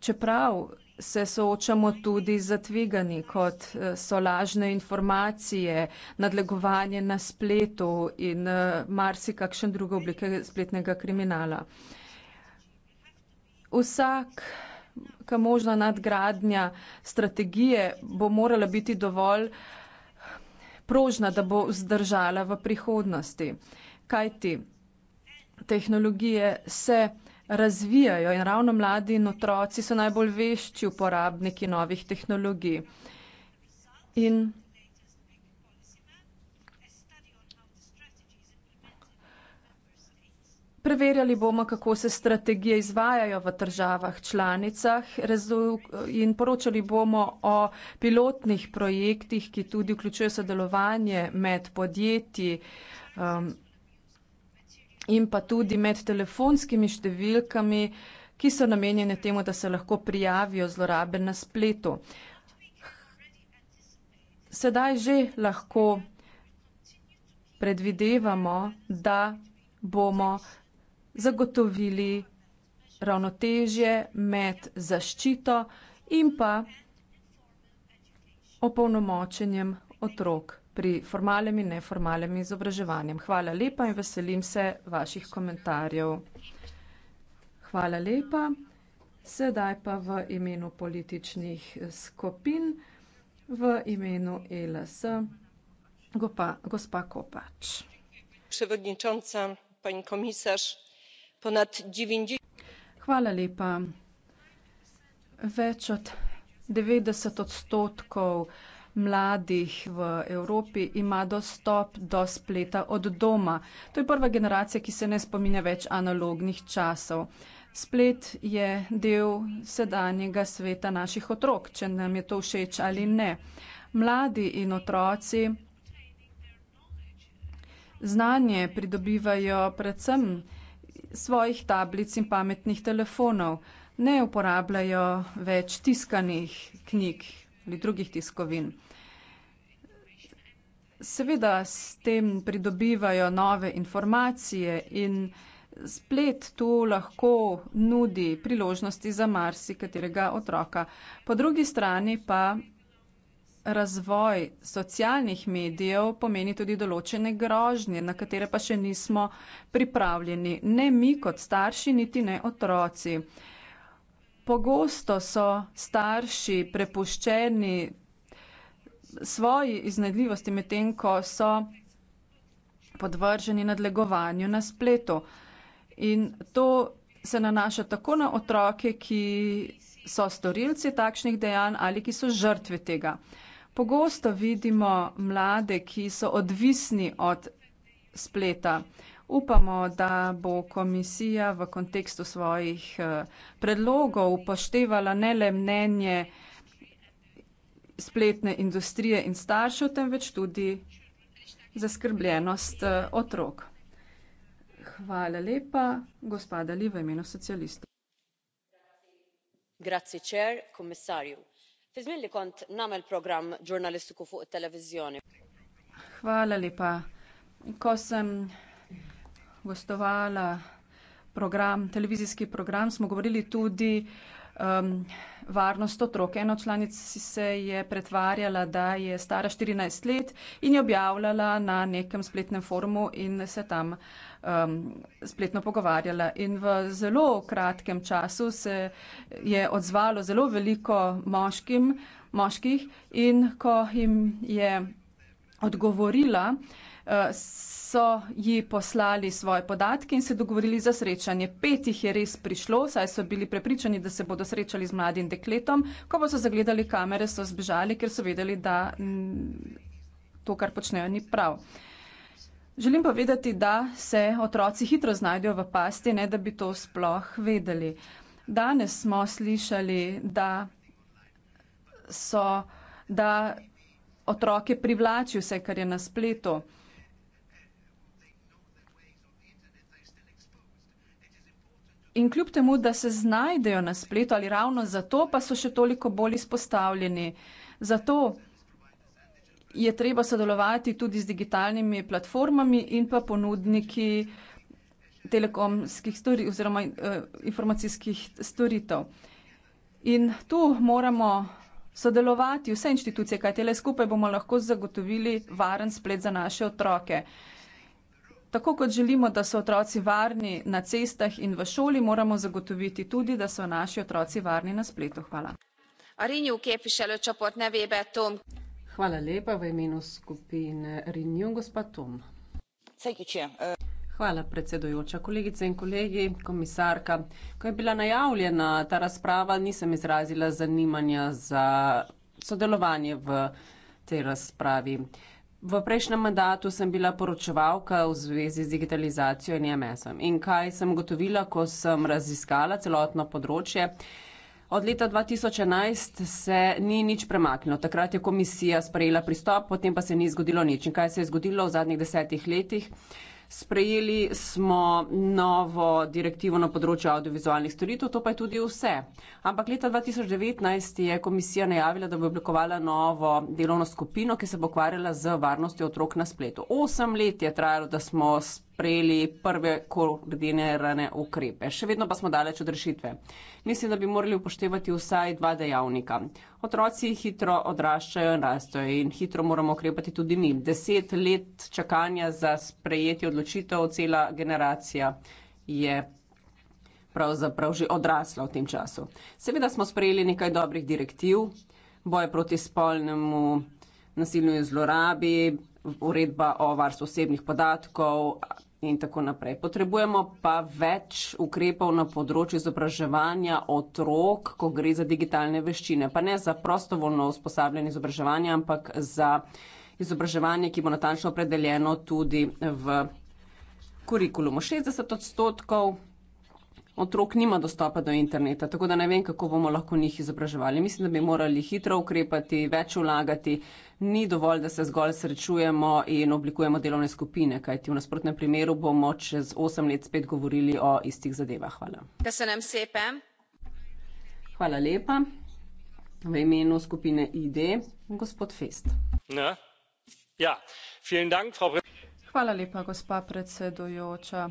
čeprav se soočamo tudi z tvegani, kot eh, so lažne informacije, nadlegovanje na spletu in eh, marsikakšen druge oblike spletnega kriminala vsak, ka možna nadgradnja strategije bo morala biti dovolj prožna, da bo zdržala v prihodnosti. Kaj ti? Tehnologije se razvijajo in ravno mladi in otroci so najbolj vešči uporabniki novih tehnologij. In Preverjali bomo, kako se strategije izvajajo v državah članicah in poročali bomo o pilotnih projektih, ki tudi vključujejo sodelovanje med podjetji um, in pa tudi med telefonskimi številkami, ki so namenjene temu, da se lahko prijavijo zlorabe na spletu. Sedaj že lahko predvidevamo, da bomo zagotovili ravnotežje med zaščito in pa opolnomočenjem otrok pri formalnem in neformalnem izobraževanju. Hvala lepa in veselim se vaših komentarjev. Hvala lepa. Sedaj pa v imenu političnih skupin, v imenu ELS, gospa Kopač ponad Hvala lepa. Več od devetdeset odstotkov mladih v Evropi ima dostop do spleta od doma. To je prva generacija, ki se ne spominja več analognih časov. Splet je del sedanjega sveta naših otrok, če nam je to všeč ali ne. Mladi in otroci znanje pridobivajo predvsem svojih tablic in pametnih telefonov, ne uporabljajo več tiskanih knjig ali drugih tiskovin. Seveda s tem pridobivajo nove informacije in splet tu lahko nudi priložnosti za marsikaterega otroka. Po drugi strani pa razvoj socialnih medijev pomeni tudi določene grožnje, na katere pa še nismo pripravljeni. Ne mi kot starši, niti ne otroci. Pogosto so starši prepuščeni svoji iznedljivosti, medtem ko so podvrženi nadlegovanju na spletu. In to se nanaša tako na otroke, ki so storilci takšnih dejanj ali ki so žrtve tega. Pogosto vidimo mlade, ki so odvisni od spleta. Upamo, da bo komisija v kontekstu svojih eh, predlogov upoštevala ne le mnenje spletne industrije in staršev, temveč tudi zaskrbljenost eh, otrok. Hvala lepa. Gospa Dalli v imenu socialistov filmilli kont namel program ġurnalistiku fuq il-televizjoni. Hvala lepa. Ko sem gostovala program, televizijski program, smo govorili tudi um, varnost otrok. Eno članic se je pretvarjala, da je stara 14 let in je objavljala na nekem spletnem forumu in se tam um, spletno pogovarjala. In v zelo kratkem času se je odzvalo zelo veliko moškim, moških in ko jim je odgovorila, so ji poslali svoje podatke in se dogovorili za srečanje. Pet jih je res prišlo, saj so bili prepričani, da se bodo srečali z mladim dekletom. Ko pa so zagledali kamere, so zbežali, ker so vedeli, da mm, to, kar počnejo, ni prav. Želim povedati, da se otroci hitro znajdejo v pasti, ne da bi to sploh vedeli. Danes smo slišali, da, so, da otroke privlači vse, kar je na spletu. in kljub temu, da se znajdejo na spletu ali ravno zato, pa so še toliko bolj izpostavljeni. Zato je treba sodelovati tudi z digitalnimi platformami in pa ponudniki telekomskih stori oziroma uh, informacijskih storitev. In tu moramo sodelovati vse inštitucije, kaj tele skupaj bomo lahko zagotovili varen splet za naše otroke. Uh, Tako kot želimo, da so otroci varni na cestah in v šoli, moramo zagotoviti tudi, da so naši otroci varni na spletu. Hvala. Arinju, čoport, vebe, Hvala lepa v imenu skupine Rinju, gospa Tom. Uh, Hvala predsedojoča, kolegice in kolegi, komisarka. Ko je bila najavljena ta razprava, nisem izrazila zanimanja za sodelovanje v tej razpravi. V prejšnjem mandatu sem bila poročevalka v zvezi z digitalizacijo in IMS-om. E in kaj sem gotovila, ko sem raziskala celotno področje? Od leta 2011 se ni nič premaknilo. Takrat je komisija sprejela pristop, potem pa se ni zgodilo nič. In kaj se je zgodilo v zadnjih desetih letih? Sprejeli smo novo direktivo na področju audiovizualnih storitev, to pa je tudi vse. Ampak leta 2019 je komisija najavila, da bo oblikovala novo delovno skupino, ki se bo ukvarjala z varnostjo otrok na spletu. Osem let je trajalo, da smo sprejeli sprejeli prve koordinirane ukrepe. Še vedno pa smo daleč od rešitve. Mislim, da bi morali upoštevati vsaj dva dejavnika. Otroci hitro odraščajo in rastejo in hitro moramo ukrepati tudi mi. Deset let čakanja za sprejetje odločitev, cela generacija je pravzaprav že odrasla v tem času. Seveda smo sprejeli nekaj dobrih direktiv, boj proti spolnemu nasilju in zlorabi, uredba o varstvu osebnih podatkov, in tako naprej. Potrebujemo pa več ukrepov na področju izobraževanja otrok, ko gre za digitalne veščine. Pa ne za prostovoljno usposabljanje izobraževanja, ampak za izobraževanje, ki bo natančno opredeljeno tudi v kurikulumu. 60 odstotkov otrok nima dostopa do interneta, tako da ne vem, kako bomo lahko njih izobraževali. Mislim, da bi morali hitro ukrepati, več vlagati. Ni dovolj, da se zgolj srečujemo in oblikujemo delovne skupine, kajti v nasprotnem primeru bomo čez 8 let spet govorili o istih zadevah. Hvala. Da se nam sepe. Hvala lepa. V imenu skupine ID, gospod Fest. Ne? Ja, vielen Dank, Frau Hvala lepa, gospa predsedujoča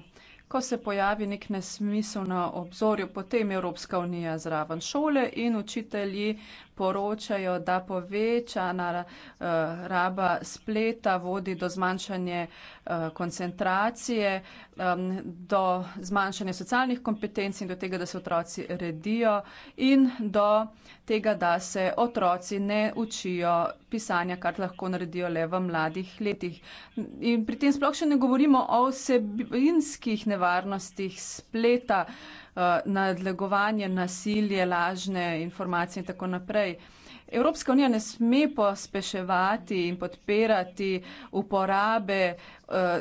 ko se pojavi nek nesmisel na obzorju, potem Evropska unija zraven šole in učitelji poročajo, da povečana uh, raba spleta vodi do zmanjšanja uh, eh, koncentracije, um, do zmanjšanja socialnih kompetenc in do tega, da se otroci redijo in do tega, da se otroci ne učijo pisanja, kar lahko naredijo le v mladih letih. In pri tem sploh še ne govorimo o vsebinskih nevarnostih spleta. Uh, Eh, nadlegovanje, nasilje, lažne informacije in tako naprej. Evropska unija ne sme pospeševati in podpirati uporabe e,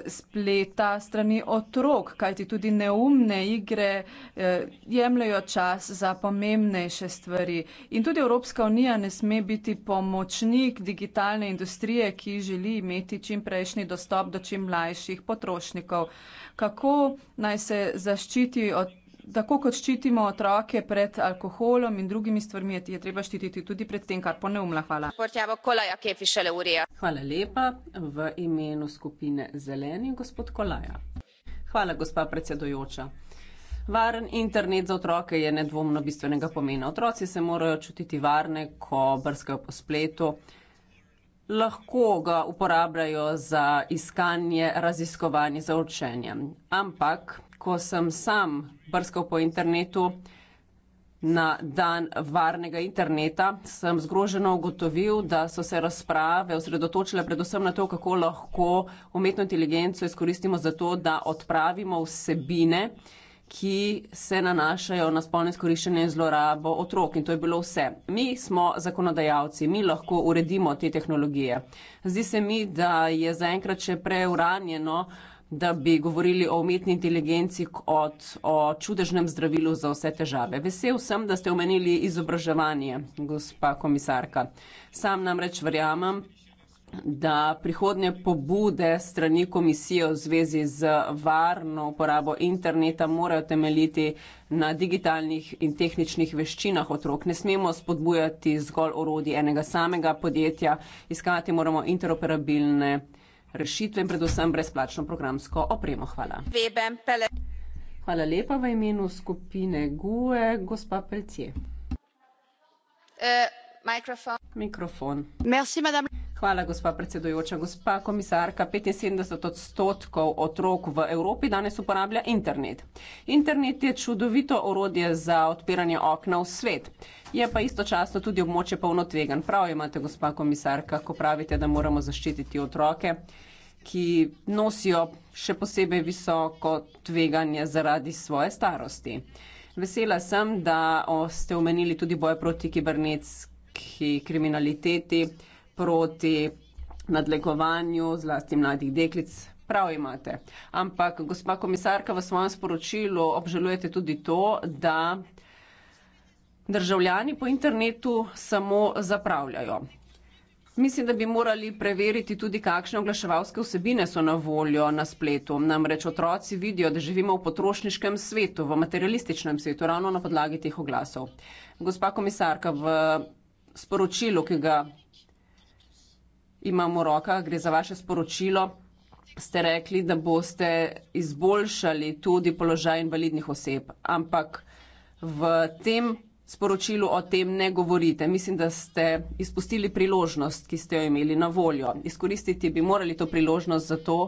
spleta strani otrok, kajti tudi neumne igre e, eh, jemljajo čas za pomembnejše stvari. In tudi Evropska unija ne sme biti pomočnik digitalne industrije, ki želi imeti čim prejšnji dostop do čim mlajših potrošnikov. Kako naj se zaščiti od tako kot ščitimo otroke pred alkoholom in drugimi stvarmi, je treba ščititi tudi pred tem, kar po neumla. Hvala. Hvala lepa v imenu skupine Zeleni, gospod Kolaja. Hvala, gospa predsedojoča. Varen internet za otroke je nedvomno bistvenega pomena. Otroci se morajo čutiti varne, ko brskajo po spletu. Lahko ga uporabljajo za iskanje, raziskovanje, za učenje. Ampak ko sem sam brskal po internetu na dan varnega interneta, sem zgroženo ugotovil, da so se razprave osredotočile predvsem na to, kako lahko umetno inteligenco izkoristimo za to, da odpravimo vsebine, ki se nanašajo na spolno izkoriščenje in zlorabo otrok. In to je bilo vse. Mi smo zakonodajalci, mi lahko uredimo te tehnologije. Zdi se mi, da je zaenkrat še preuranjeno, da bi govorili o umetni inteligenci kot o čudežnem zdravilu za vse težave. Vesel sem, da ste omenili izobraževanje, gospa komisarka. Sam namreč verjamem, da prihodnje pobude strani komisije v zvezi z varno uporabo interneta morajo temeljiti na digitalnih in tehničnih veščinah otrok. Ne smemo spodbujati zgolj orodi enega samega podjetja, iskati moramo interoperabilne rešitve in predvsem brezplačno programsko opremo. Hvala. Hvala lepa v imenu skupine GUE, gospa Pelcije. Eh, Hvala, gospa predsedujoča. Gospa komisarka, 75 odstotkov otrok v Evropi danes uporablja internet. Internet je čudovito orodje za odpiranje okna v svet. Je pa istočasno tudi območje polno tvegan. Prav imate, gospa komisarka, ko pravite, da moramo zaščititi otroke, ki nosijo še posebej visoko tveganje zaradi svoje starosti. Vesela sem, da ste omenili tudi boj proti kibernetski proti kriminaliteti, proti nadlegovanju, zlasti mladih deklic. Prav imate. Ampak, gospa komisarka, v svojem sporočilu obžalujete tudi to, da državljani po internetu samo zapravljajo. Mislim, da bi morali preveriti tudi, kakšne oglaševalske vsebine so na voljo na spletu. Namreč otroci vidijo, da živimo v potrošniškem svetu, v materialističnem svetu, ravno na podlagi teh oglasov. Gospa komisarka, v sporočilu, ki ga imam v rokah, gre za vaše sporočilo, ste rekli, da boste izboljšali tudi položaj invalidnih oseb, ampak v tem sporočilu o tem ne govorite. Mislim, da ste izpustili priložnost, ki ste jo imeli na voljo. Izkoristiti bi morali to priložnost za to,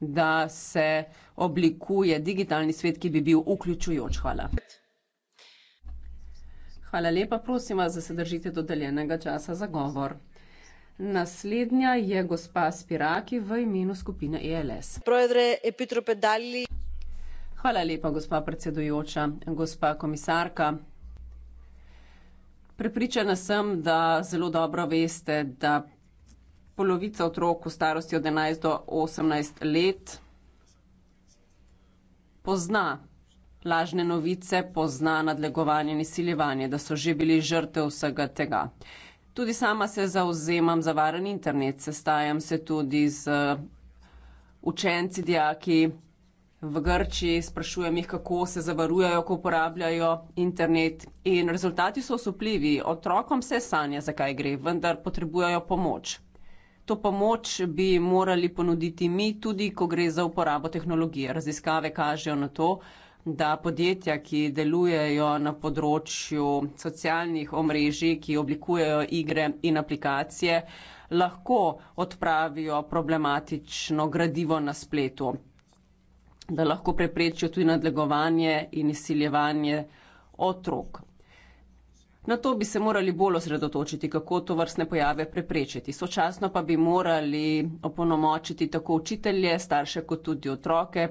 da se oblikuje digitalni svet, ki bi bil vključujoč. Hvala. Hvala lepa, prosim vas, da se držite dodeljenega časa za govor. Naslednja je gospa Spiraki v imenu skupine ELS. Hvala lepa, gospa predsedujoča. Gospa komisarka, prepričana sem, da zelo dobro veste, da polovica otrok v starosti od enajst do osemnajst let pozna lažne novice, pozna nadlegovanje in izsiljevanje, da so že bili žrtve vsega tega. Tudi sama se zauzemam za varen internet, sestajam se tudi z uh, učenci, dijaki v Grčiji, sprašujem jih, kako se zavarujajo, ko uporabljajo internet. In rezultati so osupljivi. Otrokom se sanja, zakaj gre, vendar potrebujajo pomoč. To pomoč bi morali ponuditi mi, tudi ko gre za uporabo tehnologije. Raziskave kažejo na to, da podjetja, ki delujejo na področju socialnih omrežij, ki oblikujejo igre in aplikacije, lahko odpravijo problematično gradivo na spletu, da lahko preprečijo tudi nadlegovanje in izsiljevanje otrok. Na to bi se morali bolj osredotočiti, kako to vrstne pojave preprečiti. Sočasno pa bi morali opolnomočiti tako učitelje, starše kot tudi otroke,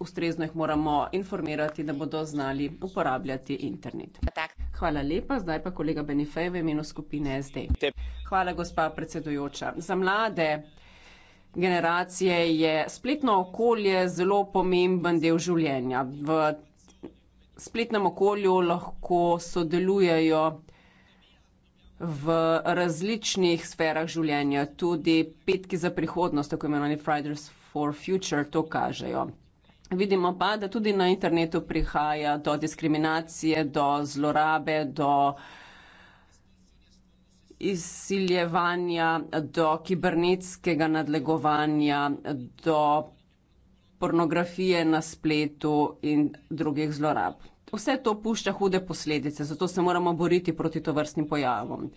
ustrezno jih moramo informirati, da bodo znali uporabljati internet. Hvala lepa, zdaj pa kolega Benifej v imenu skupine SD. Hvala, gospa predsedujoča. Za mlade generacije je spletno okolje zelo pomemben del življenja. V spletnem okolju lahko sodelujejo v različnih sferah življenja, tudi petki za prihodnost, tako imenovani Fridays for Future, to kažejo. Vidimo pa, da tudi na internetu prihaja do diskriminacije, do zlorabe, do izsiljevanja, do kibernetskega nadlegovanja, do pornografije na spletu in drugih zlorab. Vse to pušča hude posledice, zato se moramo boriti proti tovrstnim pojavom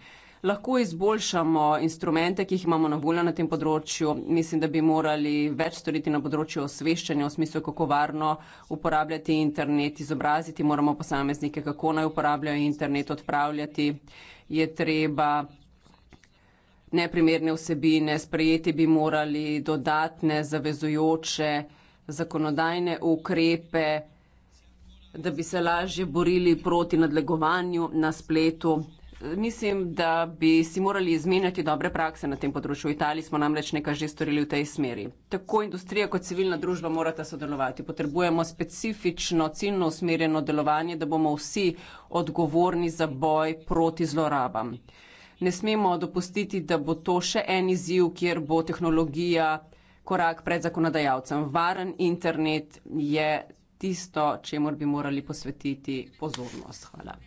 lahko izboljšamo instrumente, ki jih imamo na voljo na tem področju. Mislim, da bi morali več storiti na področju osveščanja v smislu, kako varno uporabljati internet, izobraziti moramo posameznike, kako naj uporabljajo internet, odpravljati je treba. Neprimerne vsebine, sprejeti bi morali dodatne zavezujoče zakonodajne ukrepe, da bi se lažje borili proti nadlegovanju na spletu, mislim, da bi si morali izmenjati dobre prakse na tem področju. V Italiji smo namreč nekaj že storili v tej smeri. Tako industrija kot civilna družba morata sodelovati. Potrebujemo specifično, ciljno usmerjeno delovanje, da bomo vsi odgovorni za boj proti zlorabam. Ne smemo dopustiti, da bo to še en izziv, kjer bo tehnologija korak pred zakonodajalcem. Varen internet je tisto, čemu bi morali posvetiti pozornost. Hvala.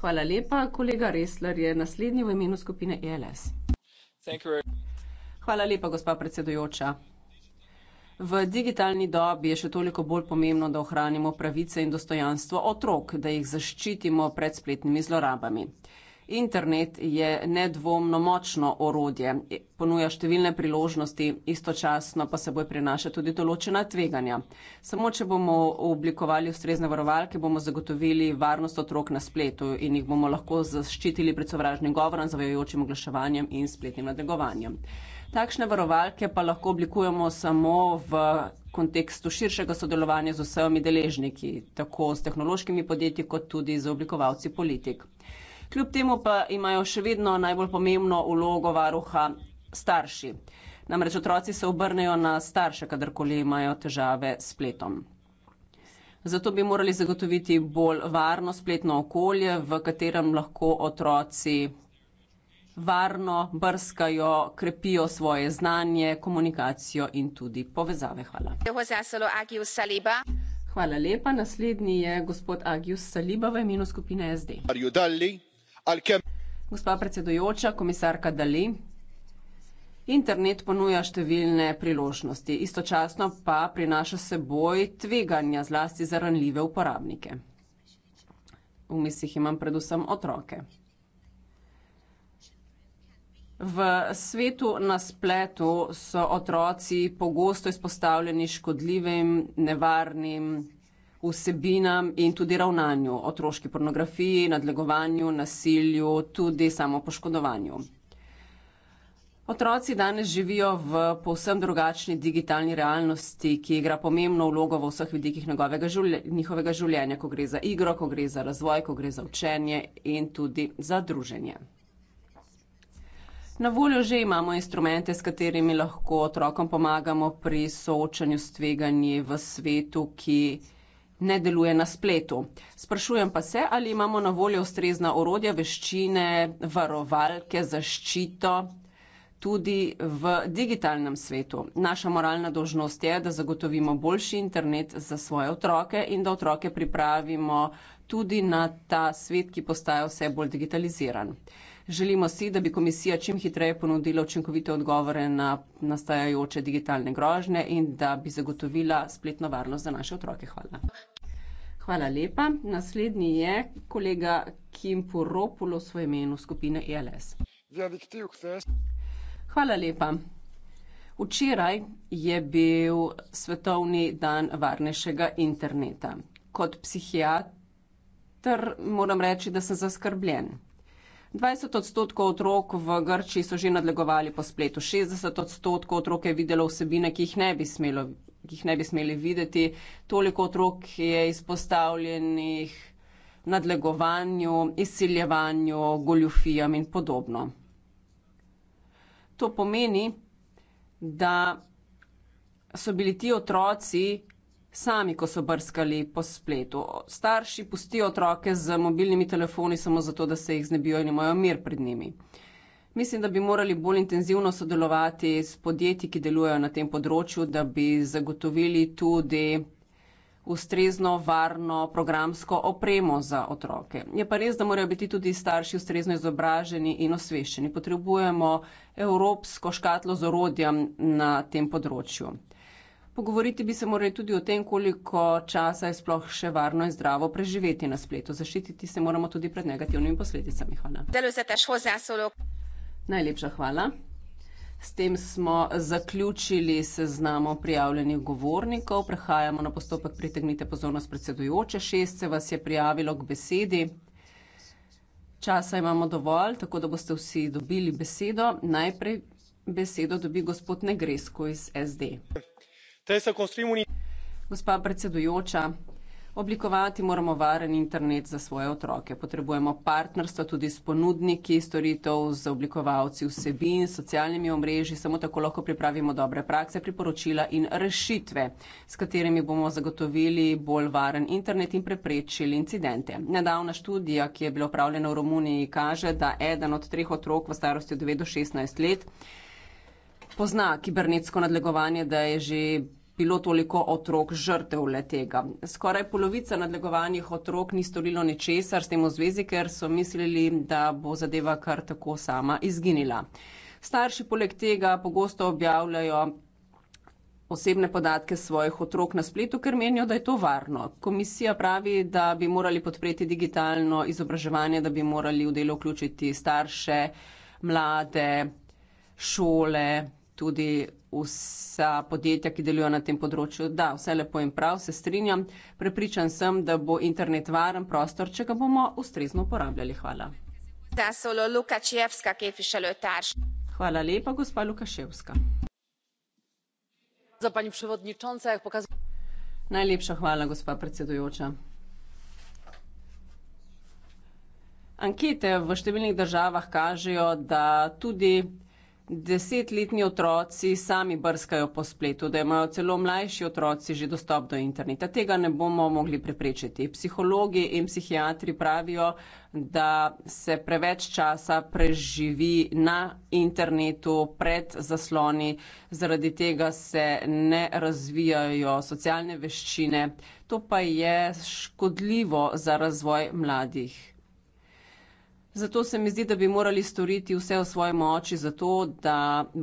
Hvala lepa. Kolega Resler je naslednji v imenu skupine ELS. Hvala lepa, gospa predsedujoča. V digitalni dobi je še toliko bolj pomembno, da ohranimo pravice in dostojanstvo otrok, da jih zaščitimo pred spletnimi zlorabami. Internet je nedvomno močno orodje, ponuja številne priložnosti, istočasno pa seboj prinaša tudi določena tveganja. Samo, če bomo oblikovali ustrezne varovalke, bomo zagotovili varnost otrok na spletu in jih bomo lahko zaščitili pred sovražnim govorom, zavajajočim oglaševanjem in spletnim nadlegovanjem. Takšne varovalke pa lahko oblikujemo samo v kontekstu širšega sodelovanja z vsemi deležniki, tako s tehnološkimi podjetji, kot tudi z oblikovalci politik. Kljub temu pa imajo še vedno najbolj pomembno ulogo varuha starši. Namreč otroci se obrnejo na starše, kadarkoli imajo težave s spletom. Zato bi morali zagotoviti bolj varno spletno okolje, v katerem lahko otroci varno brskajo, krepijo svoje znanje, komunikacijo in tudi povezave. Hvala. Hvala lepa. Naslednji je gospod Agius Saliba v imenu skupine SD. Gospa predsedujoča, komisarka Dalli. Internet ponuja številne priložnosti, istočasno pa prinaša seboj tveganja zlasti za ranljive uporabnike. V mislih imam predvsem otroke. V svetu na spletu so otroci pogosto izpostavljeni škodljivim, nevarnim vsebinam in tudi ravnanju, otroški pornografiji, nadlegovanju, nasilju, tudi samopoškodovanju. Otroci danes živijo v povsem drugačni digitalni realnosti, ki igra pomembno vlogo v vseh vidikih življe, njihovega življenja, ko gre za igro, ko gre za razvoj, ko gre za učenje in tudi za druženje. Na voljo že imamo instrumente, s katerimi lahko otrokom pomagamo pri soočanju s tveganji v svetu, ki ne deluje na spletu. Sprašujem pa se, ali imamo na voljo ustrezna orodja, veščine, varovalke, zaščito tudi v digitalnem svetu. Naša moralna dožnost je, da zagotovimo boljši internet za svoje otroke in da otroke pripravimo tudi na ta svet, ki postaja vse bolj digitaliziran. Želimo si, da bi komisija čim hitreje ponudila učinkovite odgovore na nastajajoče digitalne grožnje in da bi zagotovila spletno varnost za naše otroke. Hvala. Hvala lepa. Naslednji je kolega Kim Poropulos v imenu skupine ILS. E Hvala lepa. Včeraj je bil svetovni dan varnejšega interneta. Kot psihiater moram reči, da sem zaskrbljen. 20 odstotkov otrok v Grči so že nadlegovali po spletu, 60 odstotkov otrok je videlo vsebine, ki jih ne bi smelo, ki jih ne bi smeli videti, toliko otrok je izpostavljenih nadlegovanju, izsiljevanju, goljufijam in podobno. To pomeni, da so bili ti otroci sami, ko so brskali po spletu. Starši pustijo otroke z mobilnimi telefoni samo zato, da se jih znebijo in imajo mir pred njimi. Mislim, da bi morali bolj intenzivno sodelovati s podjetji, ki delujejo na tem področju, da bi zagotovili tudi ustrezno, varno programsko opremo za otroke. Je pa res, da morajo biti tudi starši ustrezno izobraženi in osveščeni. Potrebujemo evropsko škatlo z orodjem na tem področju. Pogovoriti bi se morali tudi o tem, koliko časa je sploh še varno in zdravo preživeti na spletu. Zaščititi se moramo tudi pred negativnimi posledicami. Hvala. Najlepša hvala. S tem smo zaključili seznamo prijavljenih govornikov. Prehajamo na postopek pritegnite pozornost predsedujoče. Šest se vas je prijavilo k besedi. Časa imamo dovolj, tako da boste vsi dobili besedo. Najprej besedo dobi gospod Negresko iz SD. Gospa predsedujoča, oblikovati moramo varen internet za svoje otroke. Potrebujemo partnerstva tudi s ponudniki storitev, z oblikovalci vsebin, s socialnimi omrežji, samo tako lahko pripravimo dobre prakse, priporočila in rešitve, s katerimi bomo zagotovili bolj varen internet in preprečili incidente. Nedavna študija, ki je bila upravljena v Romuniji, kaže, da eden od treh otrok v starosti od 9 do 16 let pozna kibernetsko nadlegovanje, da je že bilo toliko otrok žrtev le tega. Skoraj polovica nadlegovanih otrok ni storilo ničesar s tem v zvezi, ker so mislili, da bo zadeva kar tako sama izginila. Starši poleg tega pogosto objavljajo osebne podatke svojih otrok na spletu, ker menijo, da je to varno. Komisija pravi, da bi morali podpreti digitalno izobraževanje, da bi morali v delo vključiti starše, mlade, šole, tudi vsa podjetja, ki delujejo na tem področju. Da, vse lepo in prav, se strinjam. Prepričan sem, da bo internet varen prostor, če ga bomo ustrezno uporabljali. Hvala. Hvala lepa, gospa Lukaševska. Najlepša hvala, gospa predsedujoča. Ankete v številnih državah kažejo, da tudi desetletni otroci sami brskajo po spletu, da imajo celo mlajši otroci že dostop do interneta. Tega ne bomo mogli preprečiti. Psihologi in psihiatri pravijo, da se preveč časa preživi na internetu pred zasloni, zaradi tega se ne razvijajo socialne veščine. To pa je škodljivo za razvoj mladih. Zato se mi zdi, da bi morali storiti vse v svoji moči, zato da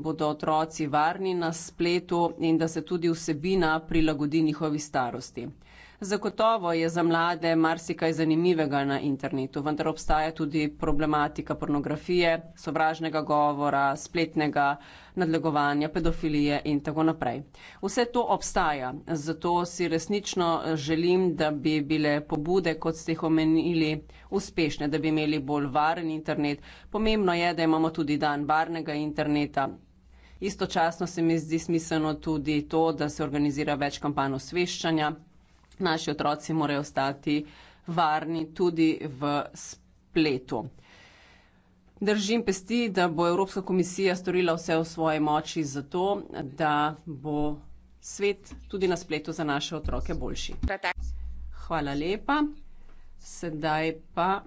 bodo otroci varni na spletu in da se tudi vsebina prilagodi njihovi starosti. Zagotovo je za mlade marsikaj zanimivega na internetu, vendar obstaja tudi problematika pornografije, sovražnega govora, spletnega nadlegovanja, pedofilije in tako naprej. Vse to obstaja, zato si resnično želim, da bi bile pobude, kot ste jih omenili, uspešne, da bi imeli bolj varen internet. Pomembno je, da imamo tudi dan varnega interneta. Istočasno se mi zdi smiselno tudi to, da se organizira več kampanj osveščanja, naši otroci morajo ostati varni tudi v spletu. Držim pesti, da bo Evropska komisija storila vse v svoji moči za to, da bo svet tudi na spletu za naše otroke boljši. Hvala lepa. Sedaj pa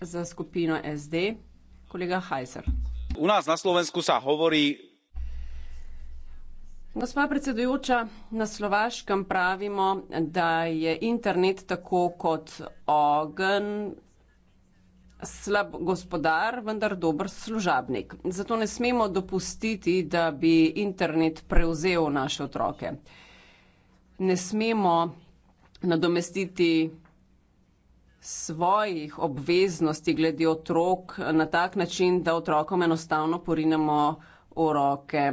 za skupino SD, kolega Hajser. U nás na Slovensku sa hovorí Gospa predsedujoča, na Slovaškem pravimo, da je internet tako kot ogenj slab gospodar, vendar dober služabnik. Zato ne smemo dopustiti, da bi internet prevzel naše otroke. Ne smemo nadomestiti svojih obveznosti glede otrok na tak način, da otrokom enostavno porinemo v roke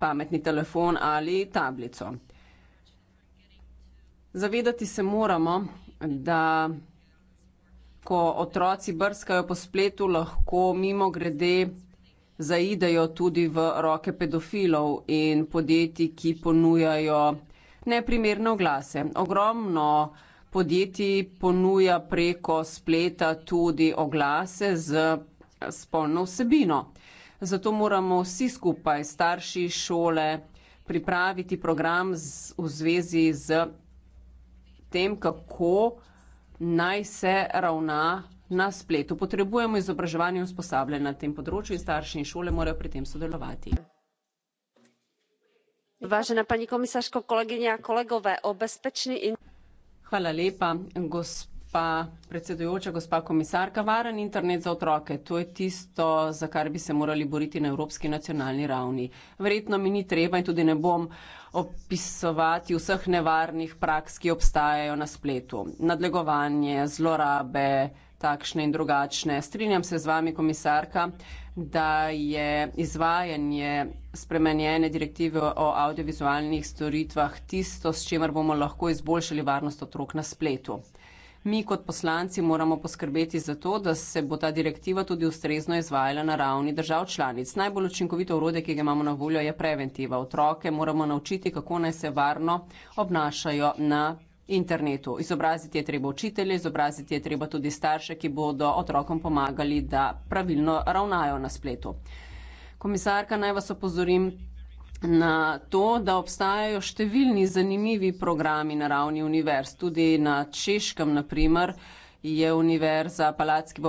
pametni telefon ali tablico. Zavedati se moramo, da ko otroci brskajo po spletu, lahko mimo grede zaidejo tudi v roke pedofilov in podjetij, ki ponujajo neprimerne oglase. Ogromno podjetij ponuja preko spleta tudi oglase z spolno vsebino. Zato moramo vsi skupaj, starši, šole, pripraviti program z, v zvezi z tem, kako naj se ravna na spletu. Potrebujemo izobraževanje in usposabljanje na tem področju in starši in šole morajo pri tem sodelovati. Vážená pani komisarko, kolegyne a kolegové, o bezpečný in... Hvala lepa, gospod pa predsedujoča gospa komisarka, varen internet za otroke, to je tisto, za kar bi se morali boriti na evropski nacionalni ravni. Verjetno mi ni treba in tudi ne bom opisovati vseh nevarnih praks, ki obstajajo na spletu. Nadlegovanje, zlorabe, takšne in drugačne. Strinjam se z vami, komisarka, da je izvajanje spremenjene direktive o audiovizualnih storitvah tisto, s čimer bomo lahko izboljšali varnost otrok na spletu mi kot poslanci moramo poskrbeti za to, da se bo ta direktiva tudi ustrezno izvajala na ravni držav članic. Najbolj učinkovito urode, ki ga imamo na voljo, je preventiva. Otroke moramo naučiti, kako naj se varno obnašajo na. Internetu. Izobraziti je treba učitelje, izobraziti je treba tudi starše, ki bodo otrokom pomagali, da pravilno ravnajo na spletu. Komisarka, naj vas opozorim, na to, da obstajajo številni zanimivi programi na ravni univerz, tudi na Češkem, naprimer, je univerza Palacki.